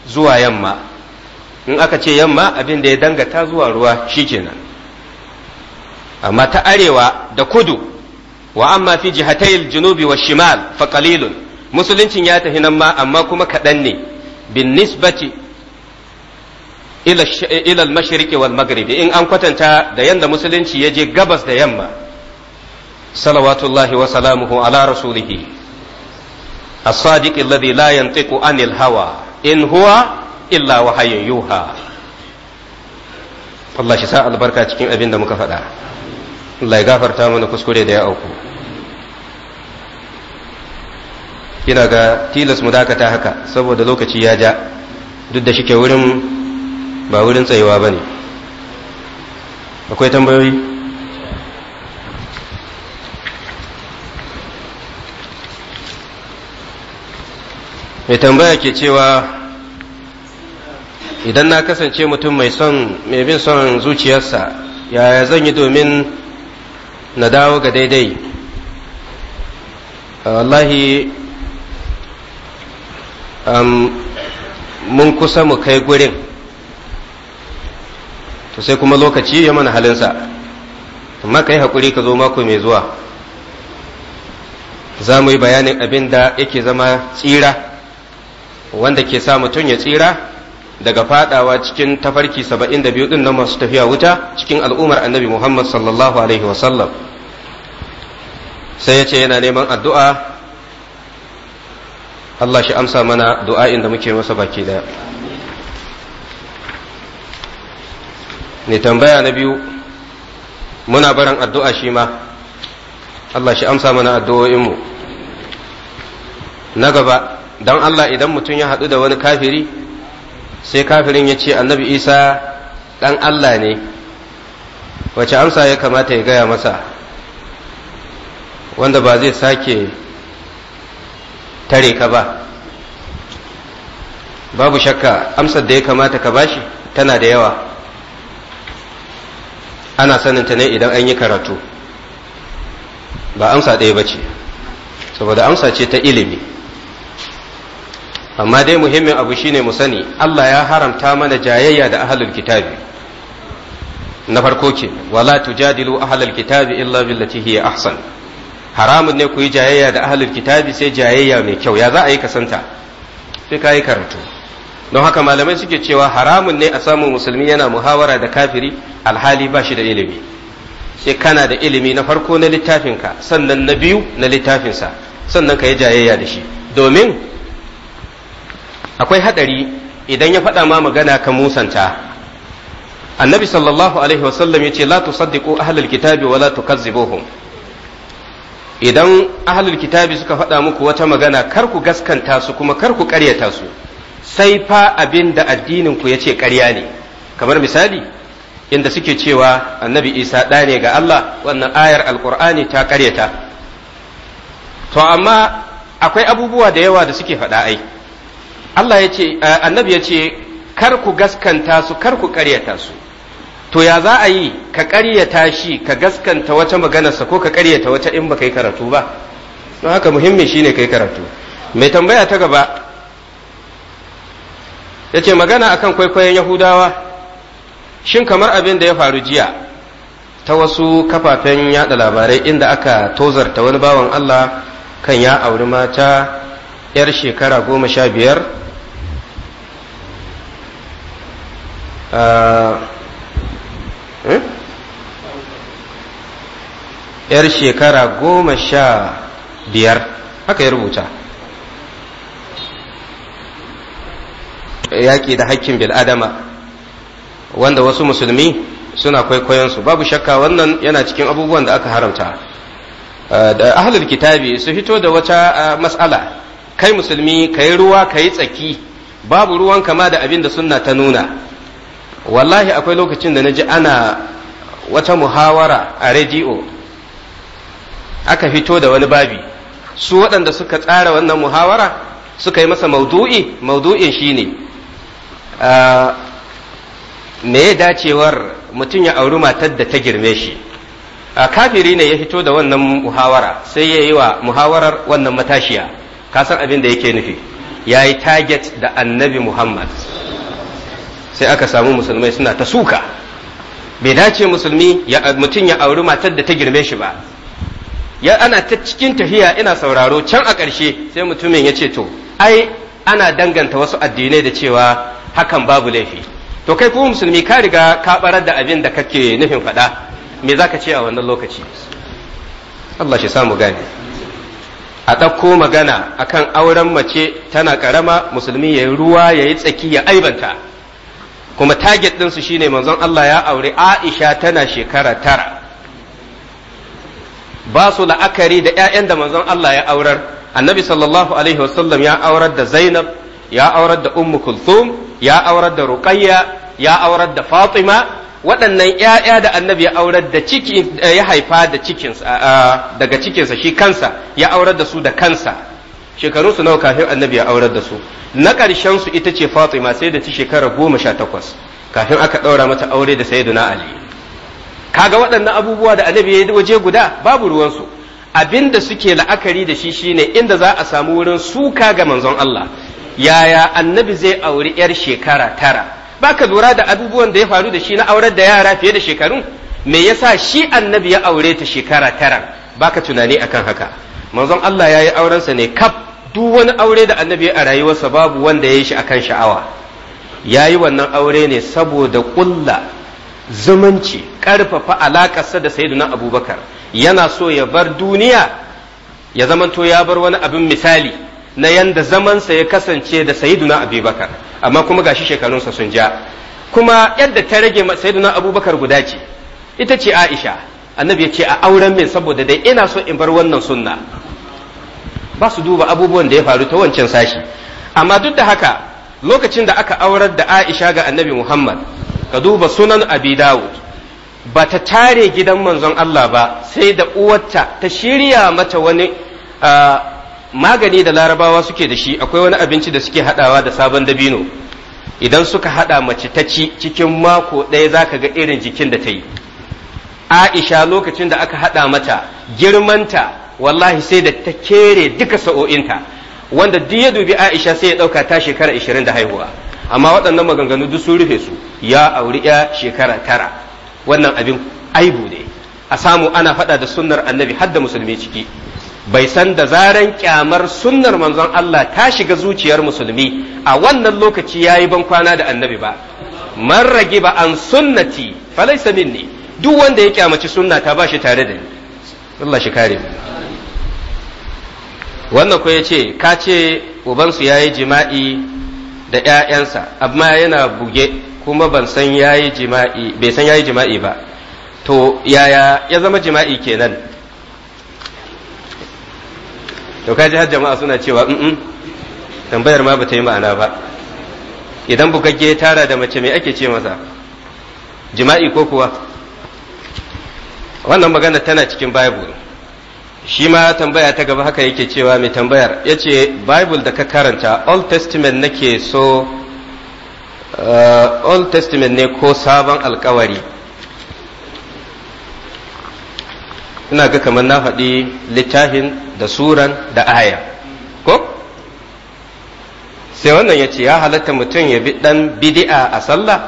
zuwa yamma in aka ce yamma abin da ya dangata zuwa ruwa shikenan amma ta arewa da kudu wa amma fi jihatayil junubi wa shimal fa qalilun musuluncin ya tafi nan ma amma kuma kaɗan ne bin nisbati ila al-mashriqi wal maghribi in an kwatanta da yanda musulunci ya je gabas da yamma salawatullahi wa salamuhu ala rasulihi as-sadiq alladhi la yantiqu anil hawa in huwa illa wahayin yuha Allah shi sa albarka cikin abin da muka faɗa Allah ya gafarta mana kuskure da ya auku ina ga tilas mu dakata haka saboda lokaci ya ja duk da shike wurin ba wurin tsayuwa ba ne akwai tambayoyi mai tambaya ke cewa idan na kasance mutum mai son mai bin son zuciyarsa yaya zan yi domin na dawo ga daidai wallahi mun kusa mu kai gurin to sai kuma lokaci ya mana halinsa amma ka yi haƙuri ka zo mako mai zuwa za mu yi bayanin abin da yake zama tsira wanda ke sa mutum ya tsira daga fadawa cikin tafarki saba'in da din na masu tafiya wuta cikin al'ummar annabi muhammad sallallahu alaihi wasallam sai ya ce yana neman addu'a Allah shi amsa mana du'a'in da muke masa baki daya ne tambaya na biyu muna barin addu'a shi ma Allah shi amsa mana addu'o'inmu na gaba don Allah idan mutum ya haɗu da wani kafiri sai kafirin ya ce annabi isa ɗan Allah ne wace amsa ya kamata ya gaya masa wanda ba zai sake tare ka ba babu shakka amsar da ya kamata ka bashi tana da yawa ana sanin ta ne idan an yi karatu ba amsa ɗaya ba ce saboda amsa ce ta ilimi amma dai muhimmin abu shine mu sani Allah ya haramta mana jayayya da ahalul kitabi na farko ke wala tujadilu ahalul kitabi illa billati hiya ahsan haramun ne ku yi jayayya da ahalul kitabi sai jayayya mai kyau ya za a yi kasanta sai ka yi karatu don haka malamai suke cewa haramun ne a samu musulmi yana muhawara da kafiri alhali ba shi da ilimi sai kana da ilimi na farko na littafinka sannan na biyu na littafinsa sannan ka yi jayayya da shi domin akwai hadari idan ya faɗa ma magana ka musanta annabi sallallahu alaihi wasallam ya ce la tusaddiqu ahlul kitabi wa la tukazzibuhum idan ahlul kitabi suka faɗa muku wata magana kar ku gaskanta su kuma kar ku ƙaryata su sai fa abin da addinin ku ce ƙarya ne kamar misali inda suke cewa annabi isa ɗa ne ga Allah wannan ayar alƙur'ani ta ƙaryata to amma akwai abubuwa da yawa da suke faɗa ai Allah ya ce eh, annabi ya ce kar ku gaskanta su kar ku ƙaryata su to ya za a yi ka ƙaryata shi ka gaskanta wata maganarsa ko ka ƙaryata wata in ba kai karatu ba don haka muhimmin shine kai karatu mai tambaya ta gaba ya ce magana akan kwaikwayon yahudawa shin kamar abin da ya faru jiya ta wasu kafafen yada labarai inda aka tozarta wani bawan allah kan ya auri mata 'yar shekara goma sha biyar ah, eh? yar shekara goma sha biyar haka ya rubuta yaƙi da hakkin bil'adama wanda wasu musulmi suna su babu shakka wannan yana cikin abubuwan da aka haramta uh, da ahlul kitabi su fito da wata uh, mas'ala kai musulmi ka ruwa ka tsaki babu ruwan kama da abin da sunna ta nuna wallahi akwai lokacin da na ji ana wata muhawara a rediyo aka fito da wani babi su waɗanda suka tsara wannan muhawara suka yi masa maudu'i maudu'in shine me ya dacewar mutum ya auri matar da ta girme shi a kafiri ne ya fito da wannan muhawara sai ya yi wa muhawarar wannan matashiya kasan abin da yake nufi ya yi target da annabi muhammad sai aka samu musulmai suna ta suka bai dace musulmi mutum ya auri matar da ta girme shi ba ya ana ta cikin tafiya ina sauraro can a ƙarshe sai mutumin ya ce to ai ana danganta wasu addinai da cewa hakan babu laifi to kai ko musulmi ka riga ka barar da abin da kake nufin faɗa me zaka ce a wannan lokaci Allah shi samu gane a ɗauko magana akan auren mace tana ƙarama musulmi ya yi ruwa ya yi tsaki ya aibanta kuma target ɗinsu shine manzon Allah ya aure Aisha tana shekara tara ba su la'akari da 'ya'yan da manzon Allah ya aurar annabi sallallahu alaihi wasallam ya aurar da Zainab ya aurar da Ummu Kulthum ya aurar da ruqayya ya aurar da fatima waɗannan ‘ya'ya da annabi ya aurar da ciki eh, ya haifa da daga cikinsa shi kansa ya aurar da su da kansa shekaru su nawa kafin annabi ya aurar da su na ƙarshen su ita ce fatima sai da ci shekara goma sha takwas kafin aka ɗaura mata aure da sayyiduna ali kaga waɗannan abubuwa da annabi ya waje guda babu ruwansu abin da suke la'akari da shi shine inda za a samu wurin suka ga manzon Allah yaya annabi zai auri yar shekara tara ba ka lura da abubuwan da ya faru da shi na aurar da yara fiye da shekarun me yasa shi annabi ya aure ta shekara tara ka tunani akan haka manzon Allah ya yi aurensa ne kaf duk wani aure da annabi a rayuwarsa babu wanda ya yi shi akan sha'awa ya yi wannan aure ne saboda ƙulla zumunci ƙarfafa sa, da sayyiduna abubakar yana so ya bar duniya ya zamanto ya bar wani abin misali na yanda zamansa ya kasance da sayyiduna abubakar amma kuma gashi shekarunsa sun ja kuma yadda ta rage sayyiduna abubakar guda ce ita ce aisha annabi ya ce a auren min saboda dai ina so in bar wannan sunna ba su duba abubuwan da ya faru ta wancan sashi amma duk da haka lokacin da aka aurar da aisha ga annabi muhammad ka duba sunan abi dawud ba ta tare gidan manzon Allah ba sai da uwarta ta shirya mata wani ah, magani da larabawa suke da shi akwai wani abinci da suke hadawa da sabon dabino idan suka hada mace ta ci cikin mako ɗaya za ka ga irin jikin da ta yi aisha lokacin da aka hada mata girmanta wallahi sai da ta kere duka sa'o'inta wanda duk ya dubi aisha sai ya ɗauka ta shekara ishirin da haihuwa amma waɗannan maganganu duk sun rufe su ya auri ya shekara tara wannan abin aibu ne a samu ana faɗa da sunnar annabi har musulmi ciki bai san da zaran kyamar sunnar manzon Allah ta shiga zuciyar musulmi a wannan lokaci yayi ban kwana da annabi ba man ba an sunnati falaysa minni duk wanda ya kyamaci sunna ta bashi tare da ni Allah shi kare wannan ko yace ka ce ubansu yayi jima'i da 'ya'yansa amma yana buge kuma ban san yayi jima'i bai san yayi jima'i ba to yaya ya zama jima'i kenan to jihar har jama'a suna cewa in mm, mm. tambayar ma bata yi ma'ana ba idan bugagge ya tara da mace mai ake ce masa jima'i ko kuwa wannan magana tana cikin bible shi ma tambaya ta gaba haka yake cewa mai tambayar ya ce bible da ka karanta old testament nake so eh, old testament ne ko sabon alkawari ina ga kamar na faɗi littafin da suran da aya ko sai wannan ya ce ya halatta mutum ya bi dan bid'a a sallah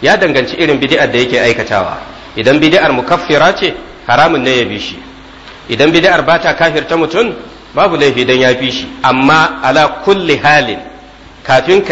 ya danganci irin bidi'ar da yake aikatawa idan bid'ar mukaffira ce haramun ne ya bi shi idan bidi'ar ba ta kafirta mutum babu laifi dan ya fi shi amma ala kulli halin kafin